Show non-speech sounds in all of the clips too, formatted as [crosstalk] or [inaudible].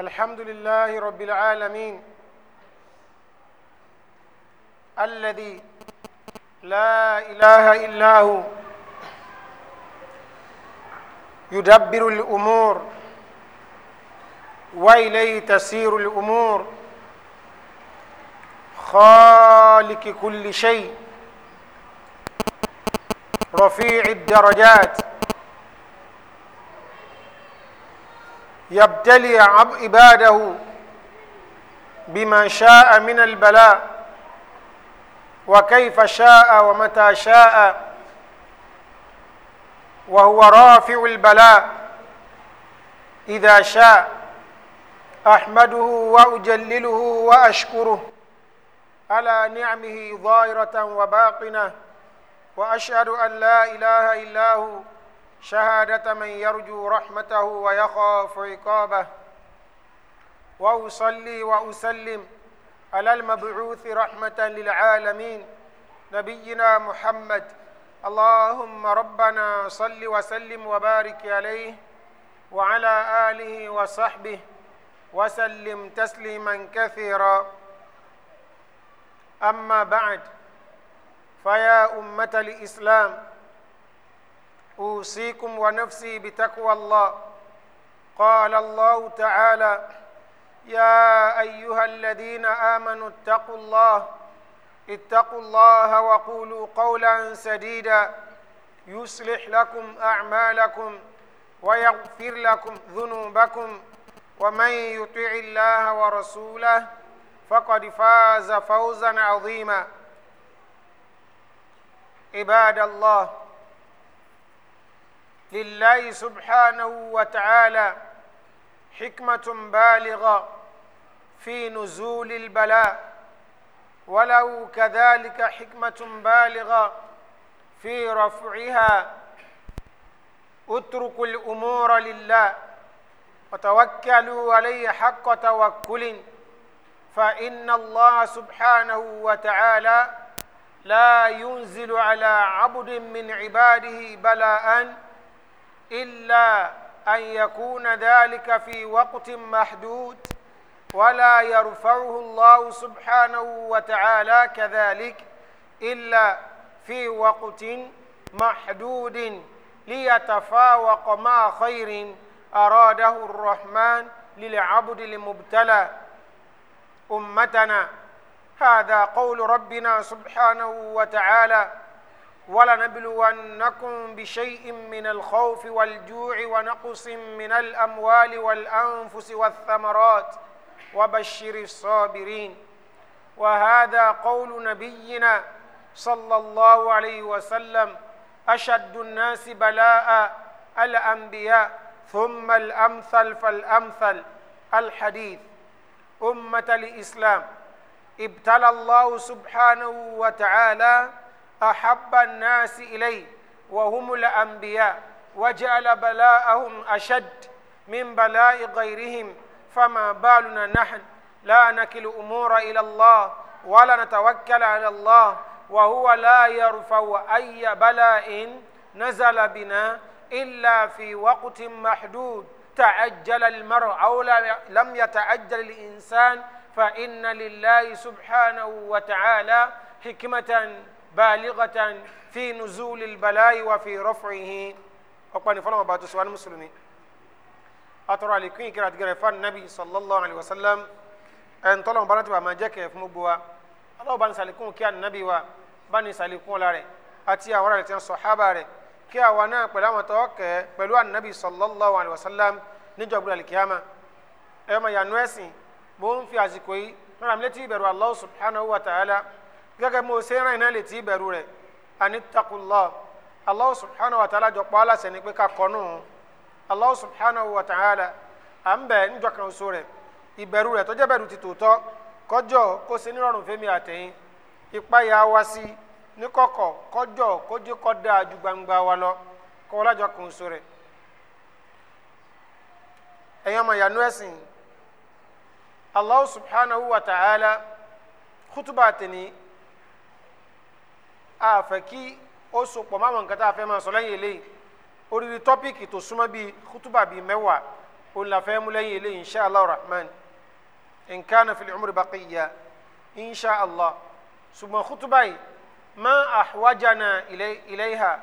الحمد لله رب العالمين الذي لا إله إلا هو يدبر الأمور وإليه تسير الأمور خالق كل شيء رفيع الدرجات يبتلي عباده بما شاء من البلاء وكيف شاء ومتى شاء وهو رافع البلاء اذا شاء احمده واجلله واشكره على نعمه ظاهره وباقنه واشهد ان لا اله الا هو شهادة من يرجو رحمته ويخاف عقابه وأصلي وأسلم على المبعوث رحمة للعالمين نبينا محمد اللهم ربنا صل وسلم وبارك عليه وعلى آله وصحبه وسلم تسليما كثيرا أما بعد فيا أمة الإسلام اوصيكم ونفسي بتقوى الله قال الله تعالى يا ايها الذين امنوا اتقوا الله اتقوا الله وقولوا قولا سديدا يصلح لكم اعمالكم ويغفر لكم ذنوبكم ومن يطع الله ورسوله فقد فاز فوزا عظيما عباد الله لله سبحانه وتعالى حكمه بالغه في نزول البلاء ولو كذلك حكمه بالغه في رفعها اتركوا الامور لله وتوكلوا عليه حق توكل فان الله سبحانه وتعالى لا ينزل على عبد من عباده بلاء الا ان يكون ذلك في وقت محدود ولا يرفعه الله سبحانه وتعالى كذلك الا في وقت محدود ليتفاوق مع خير اراده الرحمن للعبد المبتلى امتنا هذا قول ربنا سبحانه وتعالى ولنبلونكم بشيء من الخوف والجوع ونقص من الأموال والأنفس والثمرات وبشر الصابرين وهذا قول نبينا صلى الله عليه وسلم أشد الناس بلاء الأنبياء ثم الأمثل فالامثل الحديث أمة الإسلام ابتلى الله سبحانه وتعالى احب الناس اليه وهم الانبياء وجعل بلاءهم اشد من بلاء غيرهم فما بالنا نحن لا نكل امور الى الله ولا نتوكل على الله وهو لا يرفع اي بلاء نزل بنا الا في وقت محدود تعجل المرء او لم يتعجل الانسان فان لله سبحانه وتعالى حكمه balighatan fi nuzulil bala'i wa fi raf'ihi ọ̀pọ̀ ní fọlọ́mọ̀ bá tó sọ wá ní mùsùlùmí atọ́rọ̀ àlékún ìkírà àti gẹ̀rẹ̀ fún nabi sallallahu alayhi wa sallam ẹn tọ́lọ́mọ̀ bá nàtìwà máa jẹ́ kẹ̀ fún gbogbo wa aláwọ̀ bá ní sàlékún kí ànábì wa bá ní sàlékún ọ̀la rẹ̀ àti àwọn ará rẹ̀ tí wọ́n sọ hábà rẹ̀ kí àwa náà pẹ̀lú àwọn tó kẹ́ pẹ̀lú ànábì sallallahu alayhi wa sallam níjọ́ gbúdọ̀ àlìkíyàmà ẹ̀ mọ̀ yànú ẹ̀sìn mò ń fi àsìkò yìí rán àmì létí ìbẹ̀rù Allah subhanahu wa ta'ala gẹ́gẹ́ mo ṣe ràn iná lè ti bẹ̀rù rẹ̀ àní takulọ́ Allah subhanahu wa ta'ala jọ pa á láṣẹ ni pé ká kọ́ nù Allah subhanahu wa ta'ala à ń bẹ̀ níjọ kan oṣù rẹ̀ ìbẹ̀rù rẹ̀ tó jẹ́ bẹ̀rù ti tòótọ́ kọjọ́ kó ṣe nírọ̀rùn fẹ́mi àtẹ̀yìn ìpayà wa sí ní kọ̀kọ̀ kọjọ́ kójú kọ́ dáa ju gbangba wa lọ kọ́ lájọ kan oṣù rẹ̀ ẹ̀yin ọmọ ẹ̀sìn Allah subhanahu wa ta'ala a fẹ́ kí ó so pọ̀ máwọn nǹkan tá a fẹ́ máa sọ lẹ́yìn eléyìí oríire tọ́píìkì tó súnmọ́ bíi kútùbà bíi mẹ́wàá òun la fẹ́ mú lẹ́yìn eléyìí insha allah rahman in kana fil umri baqiya insha allah ṣùgbọ́n kútùbà yìí ma ahwajana ilayha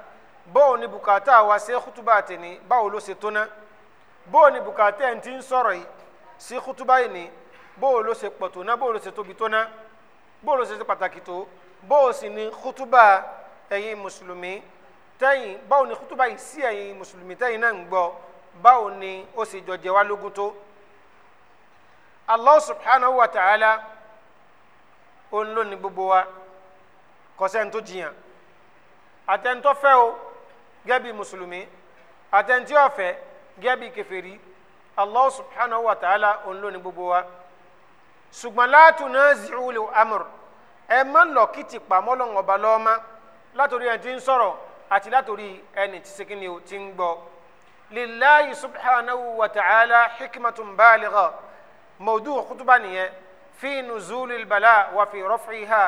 bóò ni bùkátà wa ṣe kútùbà tẹ̀ni báwo ló ṣe tóná bóò ni bùkátà ẹ̀ ti ń sọ̀rọ̀ yìí sí kútùbà yìí ni bóò ló ṣe pọ̀ tóná bóò ló ṣe tóbi tóná bóò ló ṣe ṣe bóò sì ni kútúbà ẹ̀yin mùsùlùmí tẹ́yìn báwo ni kútúbà yìí sí ẹ̀yin mùsùlùmí tẹ́yìn náà ń gbọ́ báwo ni ó sì jọ jẹ wá lógún tó. Allah subhanahu wa ta'ala òun ló ní gbogbo wa kọ́sẹ́ni tó jiyàn àtẹnitọ́ fẹ́ o gẹ́bí mùsùlùmí àtẹnití ọ̀fẹ́ gẹ́bí kèfèrí Allah subhanahu wa ta'ala òun ló ní gbogbo wa ṣùgbọ́n la tunazi'u amr ẹ má lọ kìtì pamọ́ lọ́wọ́ ọba lọ́ọ́má látòrí ẹni tí ń sọ̀rọ̀ àti látòrí ẹni tí sikini o ti ń gbọ́. lillahi subhanahu wa ta'ala hikmatun baligha mawdu kutuba nìyẹn fi nuzulil bala fi raf'iha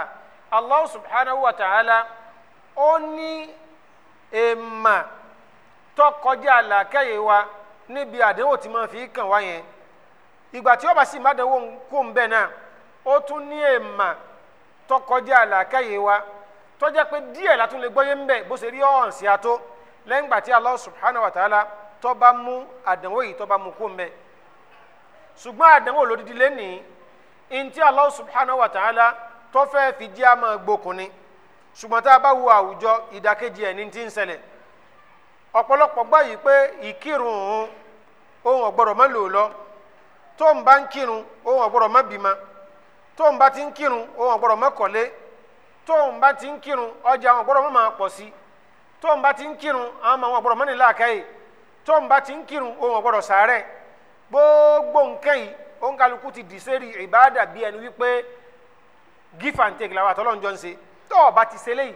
allah subhanahu wa ta'ala ó ní èèmà tó kọjá wa níbi àdánwò tí máa fi kàn wá yẹn ìgbà tí ó bá sì má dánwò kó ń bẹ̀ náà ó tún ní èèmà. tọkọjá àlàkáyé wa tọ́jà pé díẹ̀ látún lè gbọ́yé ńbẹ̀ bó ṣe rí ọ̀hún sí ató lẹ́yìn gbà tí Allah subhanahu wa ta'ala tó bá mú àdánwò yìí tó ṣùgbọ́n tá a bá wo àwùjọ ìdákejì ẹ̀ ní ti ń ṣẹlẹ̀ ọ̀pọ̀lọpọ̀ gbà pé ìkírun ohun lò lọ tóun bá ti ń kírun òun ọ̀gbọ́dọ̀ mọ́kànlé tóun bá ti ń kírun ọjà àwọn ọ̀gbọ́dọ̀ mọ́ máa pọ̀ sí tóun bá ti ń kírun àwọn ọmọ àwọn ọ̀gbọ́dọ̀ mọ́ni làákàyè tóun bá ti ń kírun òun ọ̀gbọ́dọ̀ sàárẹ̀ gbogbo nǹkan yìí òun kálukú ti dì sẹ́rí ìbáàdà bí ẹni wípé give and take làwọn àtọ́lọ́ njọ́ ń ṣe tó o bá ti ṣe léyìí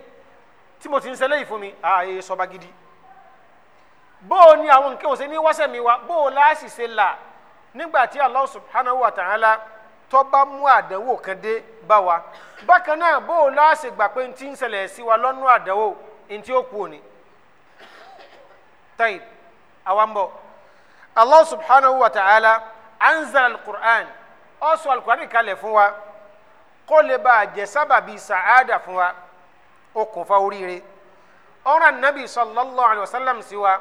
tí mo ti ń ṣe léyìí fún mi ààyè sọba gidi bó o ní àwọn nǹkan òsè ní wọ́sẹ̀ mi wa bó o láàṣì là nígbà tí Allah subhanahu wa ta'ala tọ́ba mú àdánwò kan dé bá wa bákan náà bó o láàṣẹ gbà pé ntí ń ṣẹlẹ̀ sí wa lọ́nà àdánwò ntí ó kú òní. tayib awambo allah subhanahu wa ta'ala anzal al-Qur'an ó kalẹ̀ fún wa kó lè bá a jẹ sábàbí sàáda fún wa okùnfà oríire ọ̀ràn nabi sallallahu alayhi wa sallam sí wa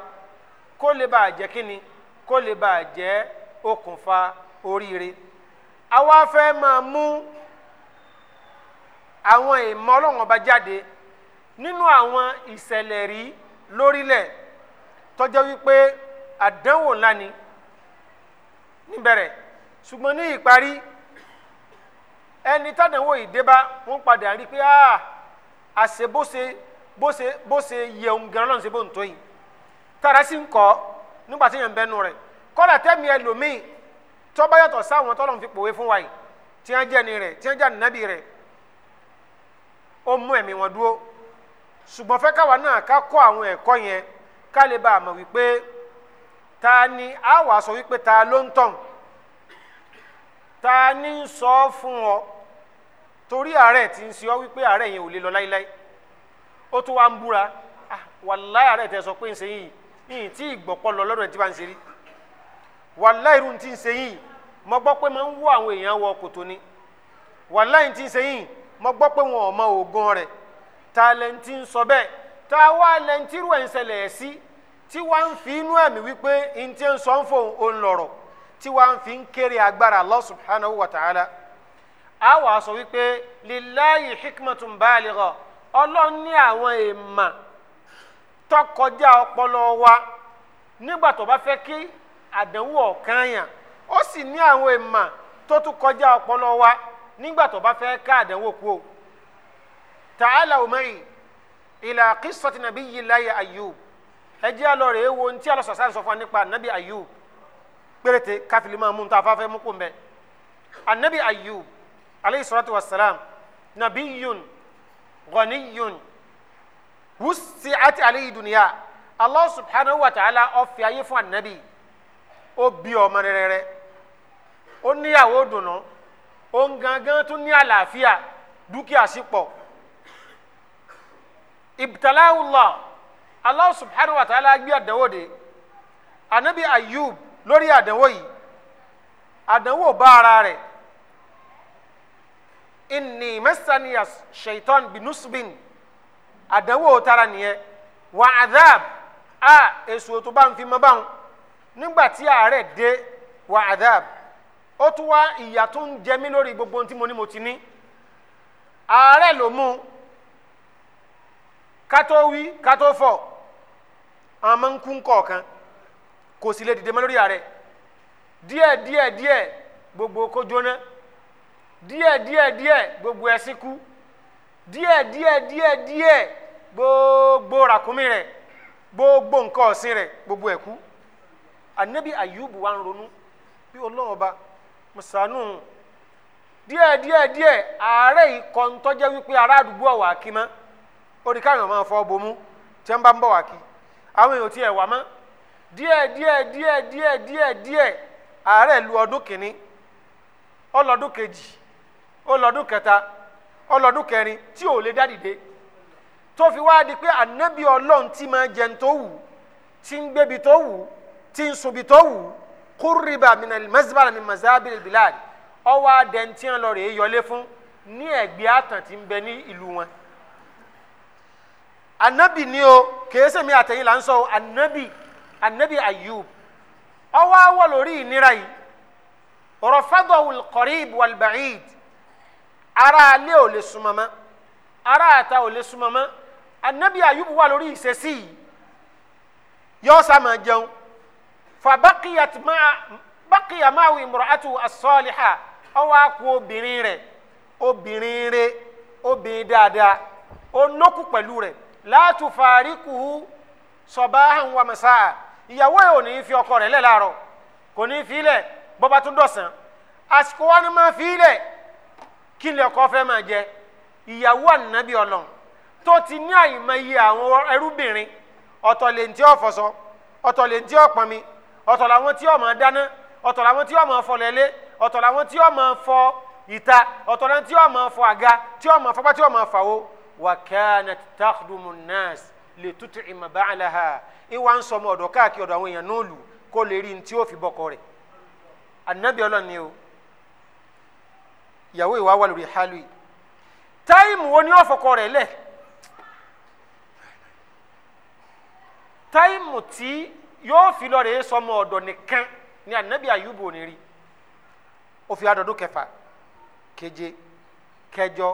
kó lè bá a jẹ kíni kó lè bá a jẹ okùnfà oríire àwa fẹ́ máa mú àwọn ìmọ̀ ọlọ́run ọba jáde nínú àwọn ìṣẹ̀lẹ̀ rí lórílẹ̀ tọ́jọ́ wípé àdánwò ńlá ni níbẹ̀rẹ̀ ṣùgbọ́n ní ìparí ẹni tádànwò ìdébá wọ́n padà rí pé àṣẹ bó ṣe bó ṣe bó ṣe yẹ òun gan lọ́nà ṣe ń tó yìí tára sí ń kọ́ nígbà tí yẹn ń bẹnu rẹ̀ kọ́lá tẹ́mi ẹlòmíì tọ́ba yàtọ̀ sáwọn tọ́lọ́n fi pòwe fún wa yìí tí wọ́n jẹ́ ni rẹ̀ tí wọ́n jẹ́ rẹ̀ ó mú ẹ̀mí wọn dúró ṣùgbọ́n fẹ́ káwa náà ká kọ́ àwọn ẹ̀kọ́ yẹn ká lè bá a mọ̀ wípé ta ni a wàá sọ wípé ta ló ń ta ni sọ ọ́ ọ torí àárẹ̀ ti ń sọ wípé àárẹ̀ yẹn ò lè lọ láíláí ó tún wá ń búra ah, tẹ sọ pé ń ṣe yìí yìí tí ìgbọ̀pọ̀ lọ wàláì irun tí ń ṣe yìí mo gbọ́ pé máa ń wọ àwọn èèyàn wọ kòtò ni wàláì tí ń ṣe yìí mo gbọ́ pé wọn ò mọ òògùn rẹ̀ ta lẹ́ǹtì ń sọ bẹ́ẹ̀ ta wá lẹ́ǹtì rú ẹ̀ ń ṣẹlẹ̀ ẹ̀ sí tí wàá ń fi inú ẹ̀mí wípé ntí ń sọ ń fò ń lọ̀rọ̀ tí wàá ń fi ń kéré agbára Allah subhanahu wa ta'ala a wàá sọ wípé lillahi hikmatun baligha ọlọ́run ní àwọn èèmà tọkọjá ọpọlọ wa nígbà tó bá fẹ́ kí àdánwò ọ̀kányàn ó sì ní àwọn ìmọ̀ tó tún kọjá ọpọlọ wa nígbà tó bá fẹ́ ká àdánwò kú o. ta'ala umari ila qissati nabiyyi llahi ayub ẹ jẹ́ àlọ́ rẹ̀ ewo ntí àlọ́ sọ̀sán sọ fún wa nípa nabi ayub péréte káfílì máa mú un tó afáfẹ́ mú kó mbẹ́. anabi ayub aleyhi salatu wa salam nabiyun ghaniyun wusi'at aleyhi dunya allah subhanahu wa ta'ala ó ayé fún anabi ó bí ọmọ rẹrẹrẹ ó níyàwó dùnú ó ń gangan tún ní àlàáfíà dúkìá sí pọ̀ ibtalahullah allah subhanahu wa ta'ala gbé àdánwò de anabi ayub lórí àdánwò yìí àdánwò bá ara rẹ̀ inni masaniya shaitan binusbin àdánwò tara nìyẹn wa a èso tó bá ń fi mọ́ báwọn nígbà tí àárẹ̀ dé wà adab ó tún wá ìyà tó ń jẹ mí lórí gbogbo ohun tí mo ní mo ti ní àárẹ̀ ló mú un ká tó wí ká tó fọ̀ àwọn máa ń kú kọ̀ọ̀kan kò sì lè dìde mọ́ lórí àárẹ̀ díẹ̀ díẹ̀ díẹ̀ gbogbo kó jóná díẹ̀ díẹ̀ díẹ̀ gbogbo ẹṣin kú díẹ̀ díẹ̀ díẹ̀ díẹ̀ gbogbo ràkúnmí rẹ̀ gbogbo nǹkan ọ̀sìn rẹ̀ gbogbo ẹ̀ kú anabi ayubu wa ń bi bí ọlọ́run ọba mùsànù díẹ̀ díẹ̀ díẹ̀ ààrẹ yìí kọ́ ń tọ́jẹ́ wípé ará àdúgbò ọ̀wà kí mọ́ orí káyọ̀ máa fọ́ bomú tí wọ́n bá ń bọ̀ wá kí àwọn èèyàn ti ẹ̀ wá mọ́ díẹ̀ díẹ̀ díẹ̀ díẹ̀ díẹ̀ díẹ̀ ààrẹ lu ọdún kìíní ọlọ́dún kejì ọlọ́dún kẹta ọlọ́dún kẹrin tí ò lè dádìde tó fi wá di pé ànábì ọlọ́run ti máa jẹun tó wù tí ń gbébi tó wù tí n sobitọ wù kúrìbà minal mazbala min mazabiri bilad ọwọ́ adẹ́ntiẹ́ lọ rèé yọlé fún ní ẹ̀gbẹ́ àtàn tí ń bẹ ní ìlú wọn. anabi ni o kèésì mi àtẹ̀yìn là ń sọ anabi anabi ayub ọwọ́ awọ́ lórí ìnira yìí rafadahu alqarib ara alẹ́ ò lè súnmọ́ ara àta ò lè súnmọ́ anabi ayub wà lórí ìṣesí yìí yọ́ fàbákìyàt máa bákìyà máa wù ìmùràtù asọ́ọ̀lìhà ọwọ́ àkú obìnrin rẹ̀ obìnrin rẹ̀ obìnrin dáadáa ó nókù pẹ̀lú rẹ̀ látù fàríkù sọ̀báhàn wà mẹ́sà ìyàwó yìí ò fi ọkọ rẹ̀ lẹ̀ láàárọ̀ kò ní fi lẹ̀ bọ́ba ni lè ọkọ fẹ́ máa jẹ ìyàwó ànábì ọlọ́n tó ti ní àyìnmọ́ àwọn ọ̀tọ̀ làwọn tí ó máa dáná ọ̀tọ̀ làwọn tí ó máa fọ lẹ́lẹ́ ọ̀tọ̀ làwọn tí ó máa fọ ìta ọ̀tọ̀ làwọn tí ó máa fọ àga tí ó máa fọ apá tí ó máa fàwọ́ wa kanat takhdumu nnas li tut'ima ba'laha ìwà ń sọmọ ọ̀dọ̀ káàkiri ọ̀dọ̀ àwọn èèyàn náà lù kó lè rí tí ó fi bọ́kọ rẹ̀ anabi ọlọ́ni o ìyàwó ìwà wà lórí hálù táìmù wo ni ó fọkọ rẹ̀ lẹ̀ táìmù tí yóò fi lọ rèé sọmọ ọ̀dọ̀ nìkan ni anabi ayubu òní rí ó fi adọdún kẹfà keje kẹjọ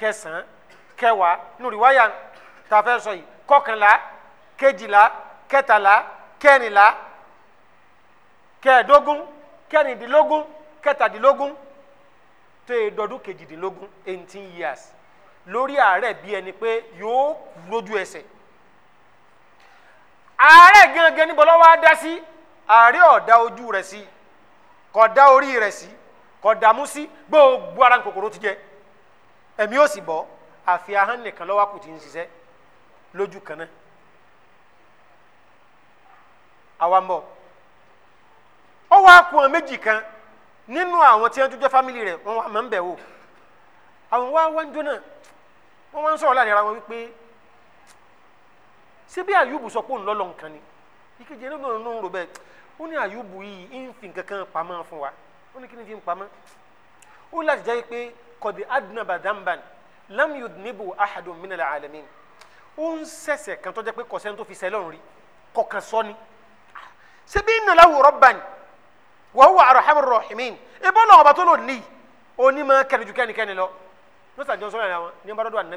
kẹsàn-án kẹwàá nùrí wáyà tá a fẹ́ sọ yìí kọkànlá kejìlá kẹtàlá kẹrìnlá kẹẹ̀dógún kẹrìndínlógún kẹtàdínlógún tó e dọdún kejìdínlógún eighteen years lórí àárẹ̀ bí ẹni pé yóò lójú ẹsẹ̀ àárẹ̀ gangan níbo lọ́wọ́ á dá sí àárẹ̀ ọ̀dá ojú rẹ̀ sí kọ̀dá orí rẹ̀ sí kọ̀dá mú sí gbogbo ara kòkòrò ti jẹ ẹ̀mí ó sì bọ́ àfi ahọ́n nìkan lọ́wọ́ kù ti ń ṣiṣẹ́ lójú kan náà àwa ń bọ̀ ọ wá kú wọn méjì kan nínú àwọn tí wọn tún jẹ́ fámìlì rẹ̀ wọn wà máa ń bẹ̀ wò àwọn wá wá ń jóná wọn wá ń sọ̀rọ̀ láàrin ara wọn wípé ṣé bí àyùbù sọ pé òun lọ́lọ́ nǹkan ni ìkejì ẹni náà ń rò bẹ́ẹ̀ ó ní àyùbù yìí ń fi nǹkan kan pamọ́ fún wa ó ní kí ni fi ń pamọ́ ó láti jẹ́ pé kọ̀dé adnaba damban lam yudnibu ahadun minal alamin ó ń ṣẹ̀ṣẹ̀ kan tó jẹ́ pé kọ̀sẹ́ni tó fi sẹ́lọ̀n rí kọ̀kan sọ ni ṣé bí nàlá wò rọ́bàn wa huwa arhamur rahimin ìbọn náà tó lò ní onímọ̀ kẹrìndínlẹ́nìkẹ́ni lọ lọ́sàn-án jọ́sọ́rọ̀ àwọn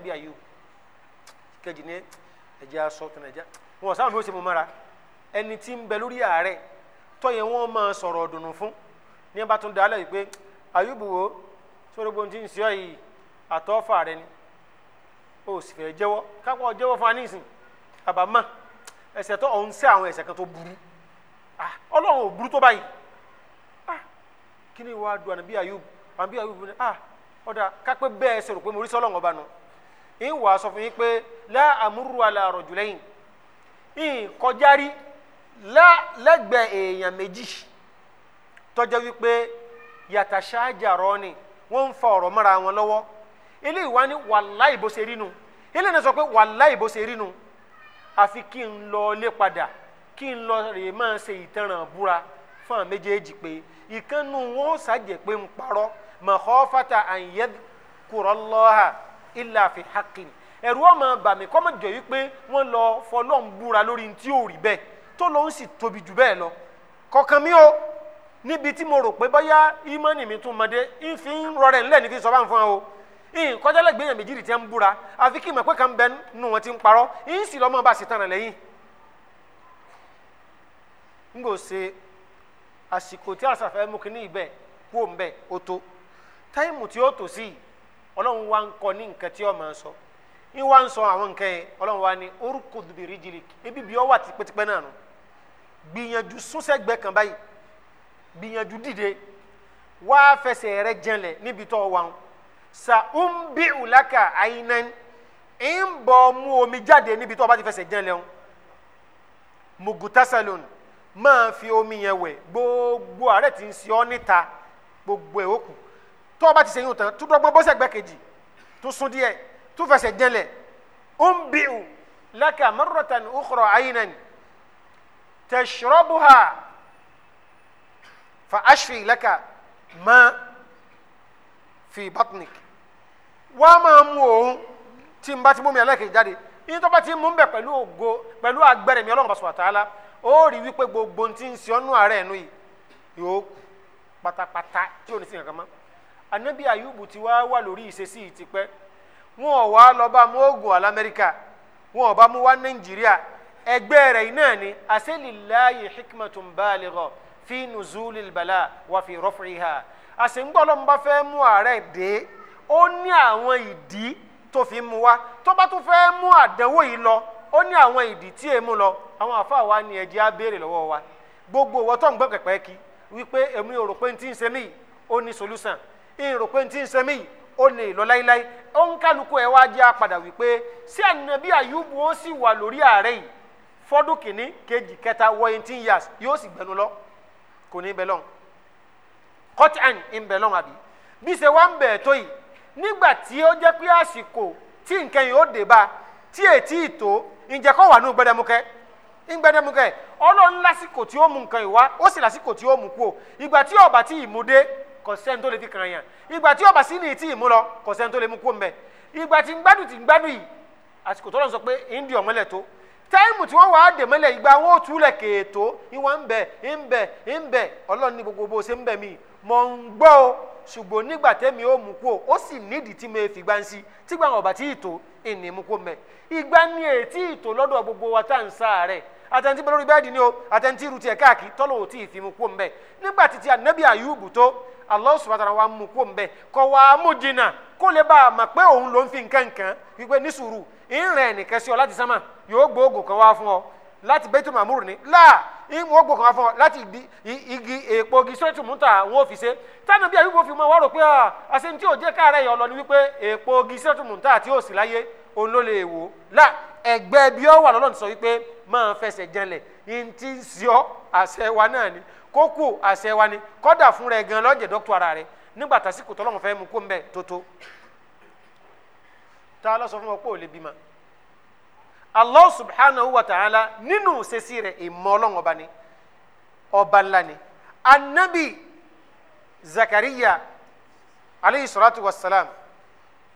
ní bá ẹja sọ tẹnẹ ẹja wọn sáwọn mi ò sì mú mara ẹni tí ń bẹ lórí ààrẹ tọyẹ wọn máa sọ̀rọ̀ dùnú fún ní bá tún dalẹ yìí pé ayúbùwò sórógbó ti ń sọ yìí àtọ́fà rẹ ni ó sì fẹ́ jẹ́wọ́ kápọ̀ jẹ́wọ́ fún anísìn àbámá ẹ̀ṣẹ̀ tó ọ̀hún sí àwọn ẹ̀ṣẹ̀ kan tó burú ah, ọlọ́run ò burú tó báyìí ah, kí ni wàá du ànàbí ayúbù ànàbí ayúbù ni ah, ọ̀dà kápẹ́ bẹ́ẹ̀ sọ̀rọ̀ pé mo rí sọ́lọ́run ọba nù. ń wà sọ fún yín pé la amúrú ala rajulayn ń kọjárí lẹ́gbẹ̀ẹ́ èèyàn méjì tọ́jọ́ wípé yatashajarani ni wọn ń fa ọ̀rọ̀ mara wọn lọwọ ilé ìwà ni wàláì bó ṣe rí nu ilé náà sọ pé wàláì bó ṣe rí nu àfi kí n lọ lé padà kí n lọ rè ṣe ìtanràn búra fún pé ìkànnù wọn ó ń parọ́ makhafata illa fi haqqin ẹ̀rù ó máa bà yi pe jọ yìí pé wọ́n lọ fọlọ́n búra lórí tí ò rí bẹ́ẹ̀ tó lọ́n sì tóbi jù bẹ́ẹ̀ lọ mi o níbi tí mo rò pé bóyá ìmọ̀nì mi tún mọ̀dé ń fi ń rọrẹ̀ ńlẹ̀ ní fi sọ bá ń fún ìyìn kọjá lẹ́gbẹ̀ẹ́ yẹn méjì tí ń búra àfi ti ń parọ́ sì lọ́mọ bá lẹ́yìn. n kò ṣe àsìkò tí àṣàfẹ́ mú kí ní kú o ọlọ́run wa ń kọ ní nǹkan tí ó máa sọ ń wá ń sọ àwọn nǹkan yẹn ọlọ́run wa ní orúkọ dùbìrì ebi bí ọ wà tipẹ́tipẹ́ náà nù gbìyànjú súnsẹ́gbẹ́ kan báyìí gbìyànjú dìde wá fẹsẹ̀ rẹ jẹ́lẹ̀ níbi tó wà ń sa ń bí ùlákà àyínán ń bọ̀ mú omi jáde níbi tó bá ti fẹsẹ̀ jẹ́lẹ̀ ń mugutasalon máa fi omi yẹn wẹ̀ gbogbo àárẹ̀ tí ń ṣe ọ́ níta gbogbo ẹ̀ ó kù tó o bá ti sẹ́yìn òtán tó dọ́gbọ́n bọ́sẹ̀ gbẹ́kejì tó sún díẹ̀ tó fẹsẹ̀ jẹlẹ̀ ó ń bí o laka marratan ukhra aynan tashrabuha fa ashfi laka ma fi batnik wá máa mú òun tí n bá ti mú mi aláìkè jáde yín tó bá ti mú bẹ̀ pẹ̀lú ògo pẹ̀lú agbẹ́rẹ̀ mi ọlọ́run pàṣẹ àtàlá ó rí wípé gbogbo ohun ń ṣe ọ́nú ààrẹ ẹ̀nu yìí yóò pátápátá tí ò ní sí nǹkan mọ́ anabi ayubu ti wá wà lórí ìṣesí yìí tipẹ́ wọn ò wá lọ bá mú oògùn alamẹ́ríkà wọn ò bá mú wá nàìjíríà ẹgbẹ́ rẹ̀ iná ni aselilayi hikmatun baligha fi nuzulil bala wa fi raf'iha àṣẹ̀ǹgbọ́lọ́mùbá fẹ́ mú ààrẹ dé ó ní àwọn ìdí tó fi mú wá tó bá tún fẹ́ mú àdánwò yìí lọ ó ní àwọn ìdí tí èmu lọ àwọn àfa wa ni ẹ̀jẹ̀ á béèrè wa gbogbo ìwọ ń gbọ́ pẹ̀pẹ́ kí wípé èmi ò rò pé ní ti ń ṣe mí ó ní solúsàn ìrò pé ti ń sẹ́mi yìí ó lè lọ láíláí ó ń kálukú ẹ̀ wá jẹ́ apàdà wípé sí ànábì àyùbù ó sì wà lórí ààrẹ yìí fọ́dún kìíní kejì kẹta wọ eighteen years yóò sì gbẹnu lọ kò ní bẹ lọ́n cut and in bẹ lọ́n àbí bí ṣe wá ń bẹ̀ tó yìí nígbà tí ó jẹ́ pé àsìkò tí nǹkan yìí ó dé bá tí ètí ìtò ǹjẹ́ kọ́ wà ní gbẹdẹmukẹ́ gbẹdẹmukẹ́ ọlọ́run lásìkò tí ó mú nǹkan yìí wá ó sì lásìkò tí ó mú kú o ìgbà tí ọba tí ì mú dé kò sẹ́ni tó lè fi kàn yàn ìgbà tí ọba sí ni ìtì ìmú lọ kò sẹ́ni tó lè mú kó mbẹ ìgbà tí sọ pé ìndí tó táìmù tí wọ́n dè mọ́lẹ̀ ìgbà túlẹ̀ kéètó ìwọ̀n ọlọ́run ní gbogbo bó ṣe ń mọ̀ ń gbọ́ o ṣùgbọ́n nígbà tẹ́mi ó mú kó ó sì nídìí tí mo fi gbá ń sí wọn ọ̀bà tí ìtò ìní wa tá à ń sá rẹ̀ àtẹ̀ntì bẹ́ẹ̀ lórí o àtẹ̀ntì irú tiẹ̀ káàkiri Allah subhanahu wa mú kó mbẹ kọ wá mú jìnnà kó lè bá a mà pé òun ló ń fi nǹkan kan wípé ní sùúrù ìrìn nìkan sí ọ láti sánmà yóò gbóògùn kan wá fún ọ láti Baitul Mamur ni láà ìwọ gbóògùn kan wá fún ọ láti igi èèpo igi sọ́ọ̀tù múta wọn ò fi ṣe tánà bí àyùbọ̀ fi mọ wọ́n rò pé ah, àṣẹ tí ò jẹ́ káàárẹ̀ yọ lọ ni wípé èèpo igi sọ́ọ̀tù múta àti òsì láyé òun ló lè wò láà ẹgbẹ́ bí ọ wà lọ́lọ́run sọ wípé máa fẹsẹ̀ janlẹ̀ ní ti ń ṣe ni kó àṣẹ wa ni kọ́dà fún rẹ̀ gan lọ́jẹ̀ dọ́kítọ̀ ara rẹ̀ nígbà tásìkò tọ́lọ́mù fẹ́ mu kó ń bẹ̀ tótó tá lọ sọ fún wọn pé ò lè bímọ allah subhanahu wa ta'ala nínú sẹ́sí anabi zakariya aleyhi salatu wa salam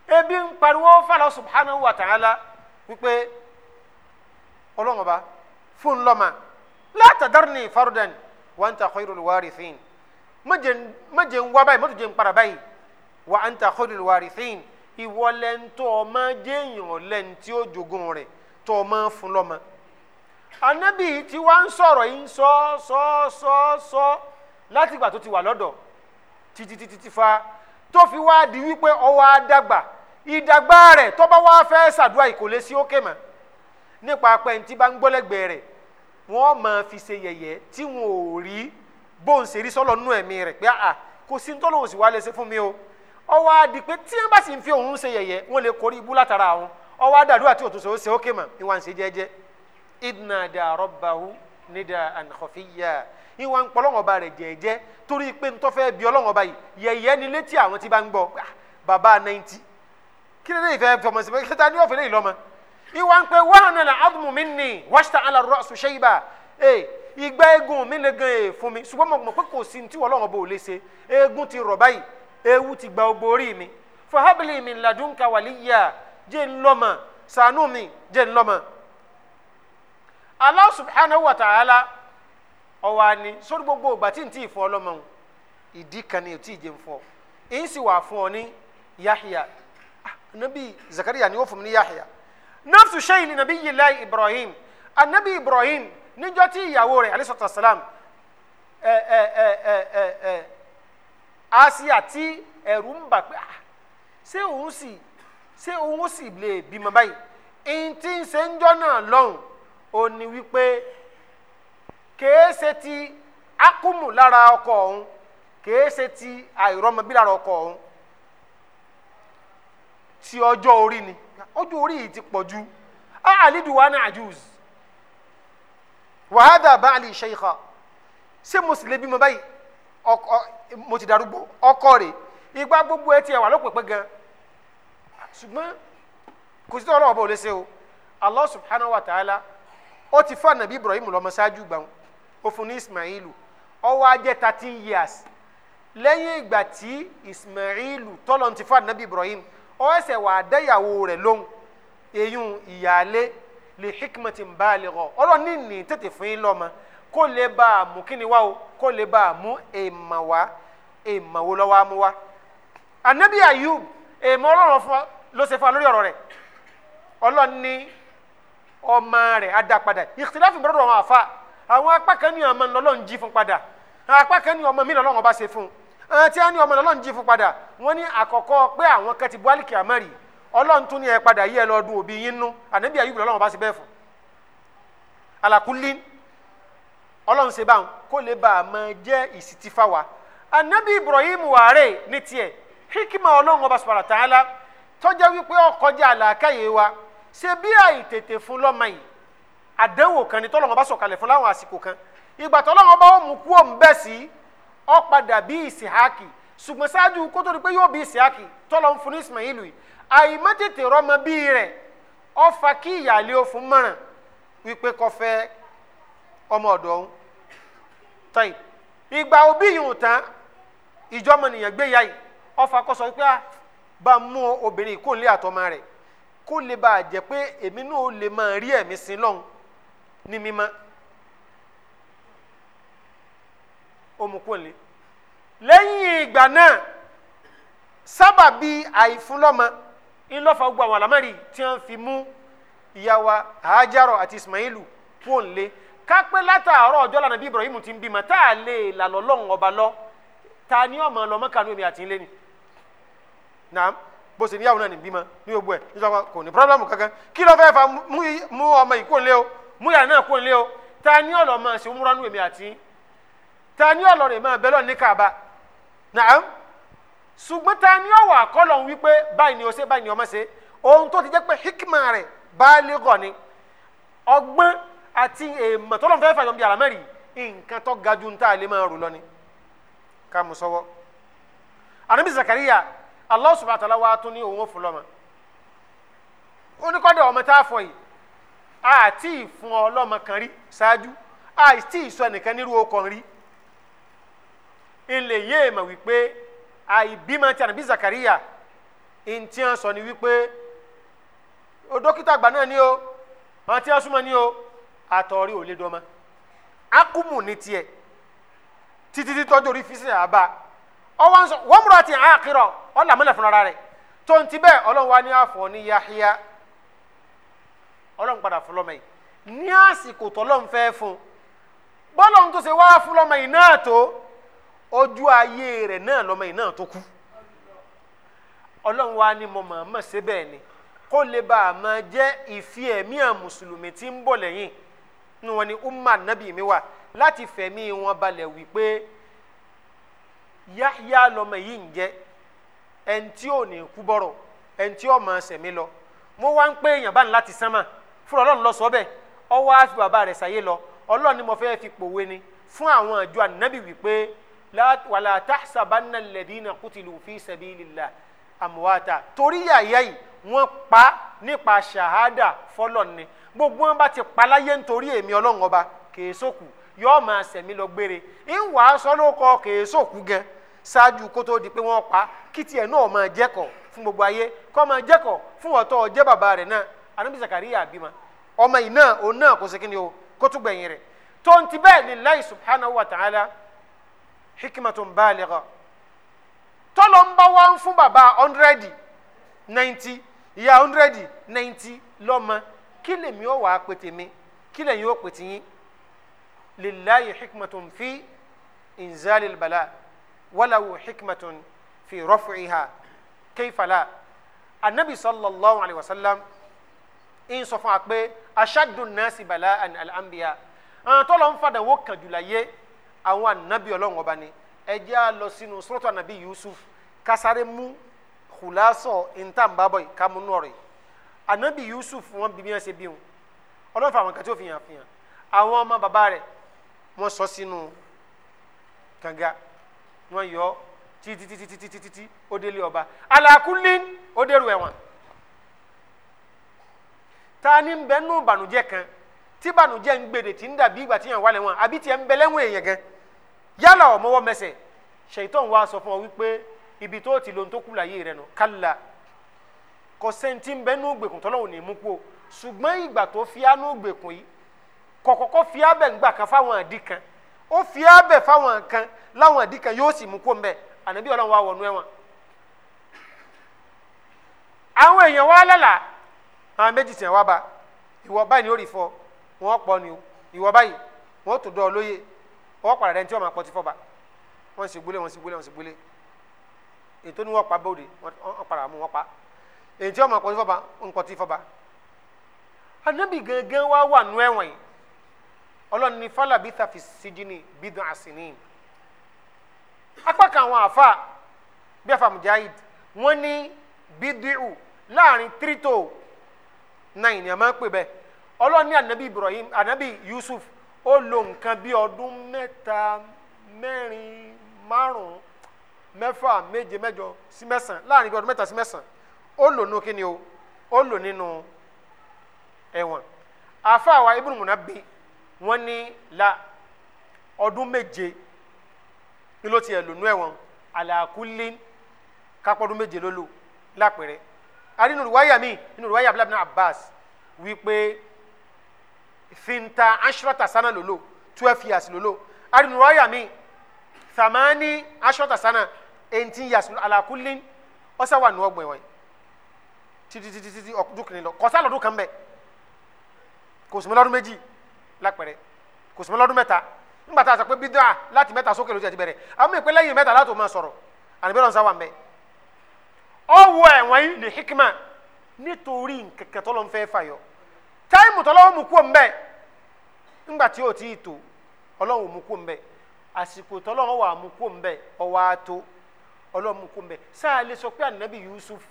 ebi ń pariwo fàlọ́ subhanahu wa ta'ala wípé ọlọ́run ọba fún lọ́mà wa anta khairul warithin má jẹ́ ń wá báyìí má tún jẹ́ ń para báyìí wa anta khairul warithin ìwọ lẹ́ńtọ́ ọmọ jẹ́yàn lẹ́ńtí ó jogún rẹ̀ tọ́ ọmọ fún lọ́mọ. anabi tí wá ń sọ̀rọ̀ yìí ń sọ sọ sọ sọ láti ìgbà tó ti wà lọ́dọ̀ títítítí fa tó fi wá di wípé ọwọ́ adágbà ìdàgbà rẹ̀ tó bá wá fẹ́ ṣàdúrà ìkólé sí òkè mọ́ nípa pẹ́ntì bá ń gbọ́lẹ́gbẹ̀ẹ́ rẹ̀ wọ́n máa fi ṣe yẹ̀yẹ́ tí wọn ò rí bóun ṣe rí sọ́lọ́ nú ẹ̀mí rẹ̀ pé àà kò sí nítorí òun sì wá lè ṣe fún mi o ọwọ́ adi pé tí wọ́n bá sì ń fi òun ṣe yẹ̀yẹ́ wọ́n lè kórí ibú látara àwọn ọwọ́ adàdúrà tí òtún ṣe ó ṣe ókè mà ìwà ń ṣe jẹ́jẹ́ idna da rabbahu nida an khafiya ìwà ń pọ̀ lọ́wọ́ ọba rẹ̀ jẹ́jẹ́ torí pé ń tọ́fẹ́ bí ọlọ́wọ́ ọba yìí yẹ̀yẹ́ ni létí àwọn tí bá ń gbọ́ bàbá ninety kí lè lè fẹ́ fọmọ ni ọ̀fẹ́ ìwà ń pè wàhánà nà ábùmù mi nì wáṣítà alárọ̀ọ̀sù ṣẹ́yìbá ẹ ìgbà eegun mi lè gan ẹ e fún mi ṣùgbọ́n mo mọ̀ pé kò sí ní tí Ọlọ́run bò lè ṣe eegun ti rọ̀ báyìí ewu ti gba ogbó orí mi fahabili mi ladunka waliya jẹ́ n lọ́mọ ṣàánú mi jẹ́ n lọ́mọ. Allah subhanahu wa ta'ala ọwọ́ ni sórí gbogbo ìgbà tí n tí ì fọ́ ọlọ́mọ ìdí kan ni ò tí ì jẹ́ n fọ́ èyí sì wà fún ọ ní Yahya ah, nabi Zakariya ni ó fún mi ní Yahya. nafsu sẹ́yìn ní nàbí yìí ibrahim anabi ibrahim níjọ́ ti ìyàwó rẹ̀ alisọ́tà sàlám ẹ ẹ ẹ ẹ ẹ ẹ asia tí ẹ̀rù ń bà pé ah, ṣé òun ti akumu lara ọkọ ọ̀hún keese ti àìrọ́mọbí lara ọkọ ọ̀hún ti ọjọ orí ni. ọjọ́ orí yìí ti pọ̀ ju àlejò wa náà àjùz wàhádà báàlì ṣèyíkà ṣé mo sì lè bímọ báyìí ọkọ mo ti darúgbó ọkọ rẹ̀ ìgbà gbogbo ẹ tiẹ̀ wà lópèpé gan ṣùgbọ́n kò sí tọ́lọ́ ọba ò lè ṣe o Allah subhanahu wa ta'ala ó ti fún ànàbí Ibrahim lọ́mọ ṣáájú gbà ó fún ní Ismailu ó wá thirteen years lẹ́yìn ìgbà tí Ismailu tọ́lọ́ ti fún ànàbí Ibrahim ọ̀ẹ́sẹ̀ wà á dẹ́yàwó rẹ̀ lóhùn eyín ìyáálé lè hikmati baligha ọlọ́run ní ní tètè fún yín lọ́mọ kó lè bá a mú kíni wá o kó lè bá a mú èèmà wá èèmà wo lọ́wọ́ á wá. anabi ayub èèmà ọlọ́run fún ló ṣe fún wa lórí ọ̀rọ̀ rẹ̀ ọlọ́run ní ọmọ rẹ̀ á dá padà ìtìláfì àwọn àfa àwọn apá kan ní ọmọ ńlọ́lọ́run jí fún padà apá kan ní ọmọ mi lọ́lọ́run ọba ṣe fún un àti ẹni ọmọ ọlọ́run jí fún padà wọ́n ní àkọ́kọ́ pé àwọn kan ti bu alìkì àmárì ọlọ́run tún ní ẹ padà yí ẹ lọ dun òbí yín nú ànábì ayúbù lọ́lọ́run bá ṣe bẹ́ẹ̀ fún alakuli ọlọ́run ṣe báwọn kó lè bá a máa jẹ́ ìsìtì fáwa ànábì ibrahim wàárẹ̀ ní tiẹ̀ hikima ọlọ́run ọba subhanahu wa ta'ala tọ́jà wípé ọkọjá àlàkáyé wa ṣe bí àìtètè fún lọ́mọ yìí àdánwò kan ní tọ́lọ́run ọba sọ̀kalẹ̀ fún láwọn àsìkò kan ìgbà tọ́lọ́run ọba ó mú kú òun bẹ́ẹ̀ sí ọ padà bí ìsìhákì ṣùgbọ́n ṣáájú kó tó di pé yóò bí ìsìhákì tọ́lọ̀ ń fún ní yìí àìmọ́tètè rọ́mọ bí rẹ̀ ọ fa kí ìyáálé o fún mọ̀ràn wípé kó ọmọ ọ̀dọ̀ ọ̀hún ìgbà òbí yìí ò tán gbé ya yìí fa sọ wípé ah, bá mú obìnrin kó lé rẹ̀ kó lè bá a jẹ́ pé èmi náà lè máa rí ẹ̀mí sin lẹ́yìn ìgbà náà sábàbí àìfúnlọ́mọ ńlọ́fà gbogbo àwọn àlámọ́rì tí wọ́n fi mú ìyàwó Hajaro àti Ismailu kúò ńlẹ̀ kápẹ́ látàárọ̀ ọjọ́ lànà bí Ibrahim ti ń bímọ tá a lè là lọ́lọ́run ọba lọ ta ni ọmọ lọmọ kanú omi àti ilé ni naam bó ṣe níyàwó náà ní bímọ ní gbogbo ẹ nítorí kò ní pírọ́blẹ́mù kankan kí ló fẹ́ẹ́ fa mú ọmọ yìí kúò ńlẹ̀ o mú yàrá náà kúò ńlẹ̀ o ta ni ọlọ́mọ ṣe ń múra nú omi àti ta ni ọlọ́rẹ̀ máa bẹ́lọ̀ ní Kaaba nàám ṣùgbọ́n ta ni ọ̀wọ̀ àkọlọ̀ ń wípé báyìí ni o ṣe báyìí ni o má ṣe ohun tó ti jẹ́ pé hikma rẹ̀ baálé gọ̀ ni ọgbọ́n àti èèmọ̀ tó lọ́n fẹ́ fàyọ̀ bí àlámẹ́rì nǹkan tó ga ju nta lè máa rò lọ ni ká mú sọ́wọ́ anabi zakariya allah subhanahu wa ta'ala wa tún ní òun ò fún lọ́mọ ó ní kọ́dọ̀ ọmọ tá a fọ yìí àti ìfún ọlọ́mọ kan rí ṣáájú àti ìsọ ẹnìkan nírú okọ̀ rí ilé yéé ma wípé àìbímọ ti ànàbí Zakariya ntí wọn sọ ni wípé o dókítà àgbà náà ni o wọn ti wọn súnmọ́ ni o àtọ̀rí ò lè dọ́mọ akumu ní tiẹ̀ títí tí tọ́jú orí fisi àbá ọwọ́ ń sọ wọ́n múra ti hàn ọ ọ́ làmúlẹ̀ fúnra rẹ̀ tó ń ti bẹ́ẹ̀ ọlọ́run ni ní àfọ̀ ní Yahya ọlọ́run padà fún lọ́mọ yìí ní àsìkò tọ́lọ́run fẹ́ fún bọ́lọ́run tó ṣe wá fún lọ́mọ yìí náà tó. ọjọ́ ayé rẹ̀ náà lọ́mọ yìí náà tó kú ọlọ́run wa ni mo màmá ṣe ni kó lè bá a jẹ́ ìfi ẹ̀mí mùsùlùmí tí ń bọ̀ lẹ́yìn wọn ni umma nabi mi wa láti fẹ̀mí wọn balẹ̀ wípé yáyá lọ́mọ yìí ń jẹ́ ẹni ní kú bọ́rọ̀ ẹni tí ò máa lọ mo wá ń pé èèyàn bá ni mo fẹ́ fi pòwe fún àwọn wàlá tahsabanna alladhina qutilu fi sabilillah amuwata torí yàyà yìí wọ́n pa nípa ṣahada fọlọ́n ni gbogbo wọn bá ti pa láyé nítorí èmi ọlọ́run ọba kèésòkù yóò máa sẹ̀mí lọ gbére ń wàá sọ ló kọ kèésòkù gan ṣáájú kó tó di pé wọ́n pa kí tiẹ̀ náà máa jẹ́kọ̀ọ́ fún gbogbo ayé kó máa jẹ́kọ̀ọ́ fún ọ̀tọ́ ọjẹ́ bàbá rẹ̀ náà anábì Zakariya bímọ ọmọ yìí náà òun náà kò sí kí ni o kó tún gbẹ̀yìn rẹ̀ tó ń ti bẹ́ẹ̀ ni láì subhanahu wa ta'ala hikimatun baligha tọ́lọ̀ ń bá wá ń fún bàbá hundred ninety ìyá hundred ninety lọ́mọ kí lèmi ó wàá pè tèmi kí lèyìn ó pè tìyín lillahi hikimatun fi inzalil bala walawu hikimatun fi raf'iha kayfala anabi sallallahu alayhi wa sallam ń sọ fún wa pé ashaddu nasi bala'an al-anbiya àwọn tọ́lọ̀ ń fàdánwó kàn jùlọ yé àwọn ànábì ọlọ́run ọba ni ẹ jẹ́ à lọ sínú sọ́tọ̀ ànábì Yusuf kásáré mú kùlásọ̀ ìntàǹbàbọ̀ yìí ká mú nù ọ̀rọ̀ Yusuf wọn bí wọn ṣe bí wọn ọlọ́fà àwọn kàtí òfin yàn fihàn àwọn ọmọ bàbá rẹ̀ wọ́n sọ sínú kànga wọ́n yọ títítítítítítí ó délé ọba alákùnlé ó dèrò ẹ̀wọ̀n ta ni ń bẹ nù bànújẹ́ kan tí bànújẹ́ ń gbèdè tí ń dàbí ìgbà tí yàn wà lẹ́wọ̀n àbí tiẹ̀ ń bẹ lẹ́wọ̀n èèyàn gan yálà ọmọ wọn mẹsẹ̀ ṣèyítọ́n wa sọ fún ọ wípé ibi tó ti lo ntókù láyé rẹ nù kálá kò sẹ́ńtì ń bẹ́ nú gbèkùn tọ́lọ́wọ́ ní mú kú o ṣùgbọ́n ìgbà tó fi á nú gbèkùn yìí kọ̀kọ́kọ́ fi á bẹ̀ ńgbà kan fáwọn àdí kan ó fi á bẹ̀ fáwọn kan láwọn àdí kan yóò sì mú kú mbẹ́ ànábì ọlọ́run wa wọ̀nú ẹ̀wọ̀n. àwọn èèyàn wá lálà àwọn méjì sìn wá bá ìwọ báyìí ni ó rí fọ wọn pọ ni ìwọ báyìí wọn tó dọ̀ ọ lóye Wọ́n padà dẹ́ntì ọmọ akpọ́tí fọ́ba wọ́n sì gbélé wọ́n sì gbélé wọ́n sì gbélé ètò ni wọ́n pa bóde wọ́n padà mú wọ́n pa ètò ọmọ fọ́ba fọ́ba anabi wá wà nù ẹ̀wọ̀n yìí ọlọ́run ní bí tàfi àsìní bí afa ní láàrin máa pè bẹ́ẹ̀ ọlọ́run ní ó lo nǹkan bí ọdún mẹ́ta mẹ́rin márùn-ún mẹ́fà méje mẹ́jọ sí mẹ́sàn-án láàrin ọdún mẹ́ta sí mẹ́sàn-án ó lò nínú kíni o ó lò nínú ẹ̀wọ̀n àfàwà Ibn Munabi wọ́n ní la ọdún méje ni ló tiẹ̀ lò nínú ẹ̀wọ̀n àlàkúlé kápọ́dún méje ló lò lápẹ̀rẹ̀ àdínú ìwáyà mi nínú ìwáyà Abdullahi Abbas wípé finta ashrata sana lolo twelve years lolo arinuwaya mi thamani ashrata sana eighteen years ala kullin ọsẹ wa nu ọgbẹ wọn titi titi titi ọdún kìnìún lọ kọsá lọdún kan bẹ kò sùnmọ́ lọ́dún méjì lápẹ̀rẹ̀ kò sùnmọ́ lọ́dún mẹ́ta nígbà tá a sọ pé bídà láti mẹ́ta sókè ló ti bẹ̀rẹ̀ àwọn ìpè lẹ́yìn mẹ́ta látò máa sọ̀rọ̀ àníbẹ̀rẹ̀ ọ̀sán wà ń bẹ ọwọ́ ẹ̀wọ̀n yìí ní hikima nítorí nkẹkẹtọ́ ló ń táìmù tọ́lọ́wọ́ mú kúò mbẹ́ ńgbà tí ò tí ì tó ọlọ́wọ́ mú kúò mbẹ́ àsìkò tọ́lọ́wọ́ wà mú kúò mbẹ́ ọwọ́ àtó ọlọ́wọ́ mú kúò mbẹ́ sáà lè sọ pé ànábì Yusuf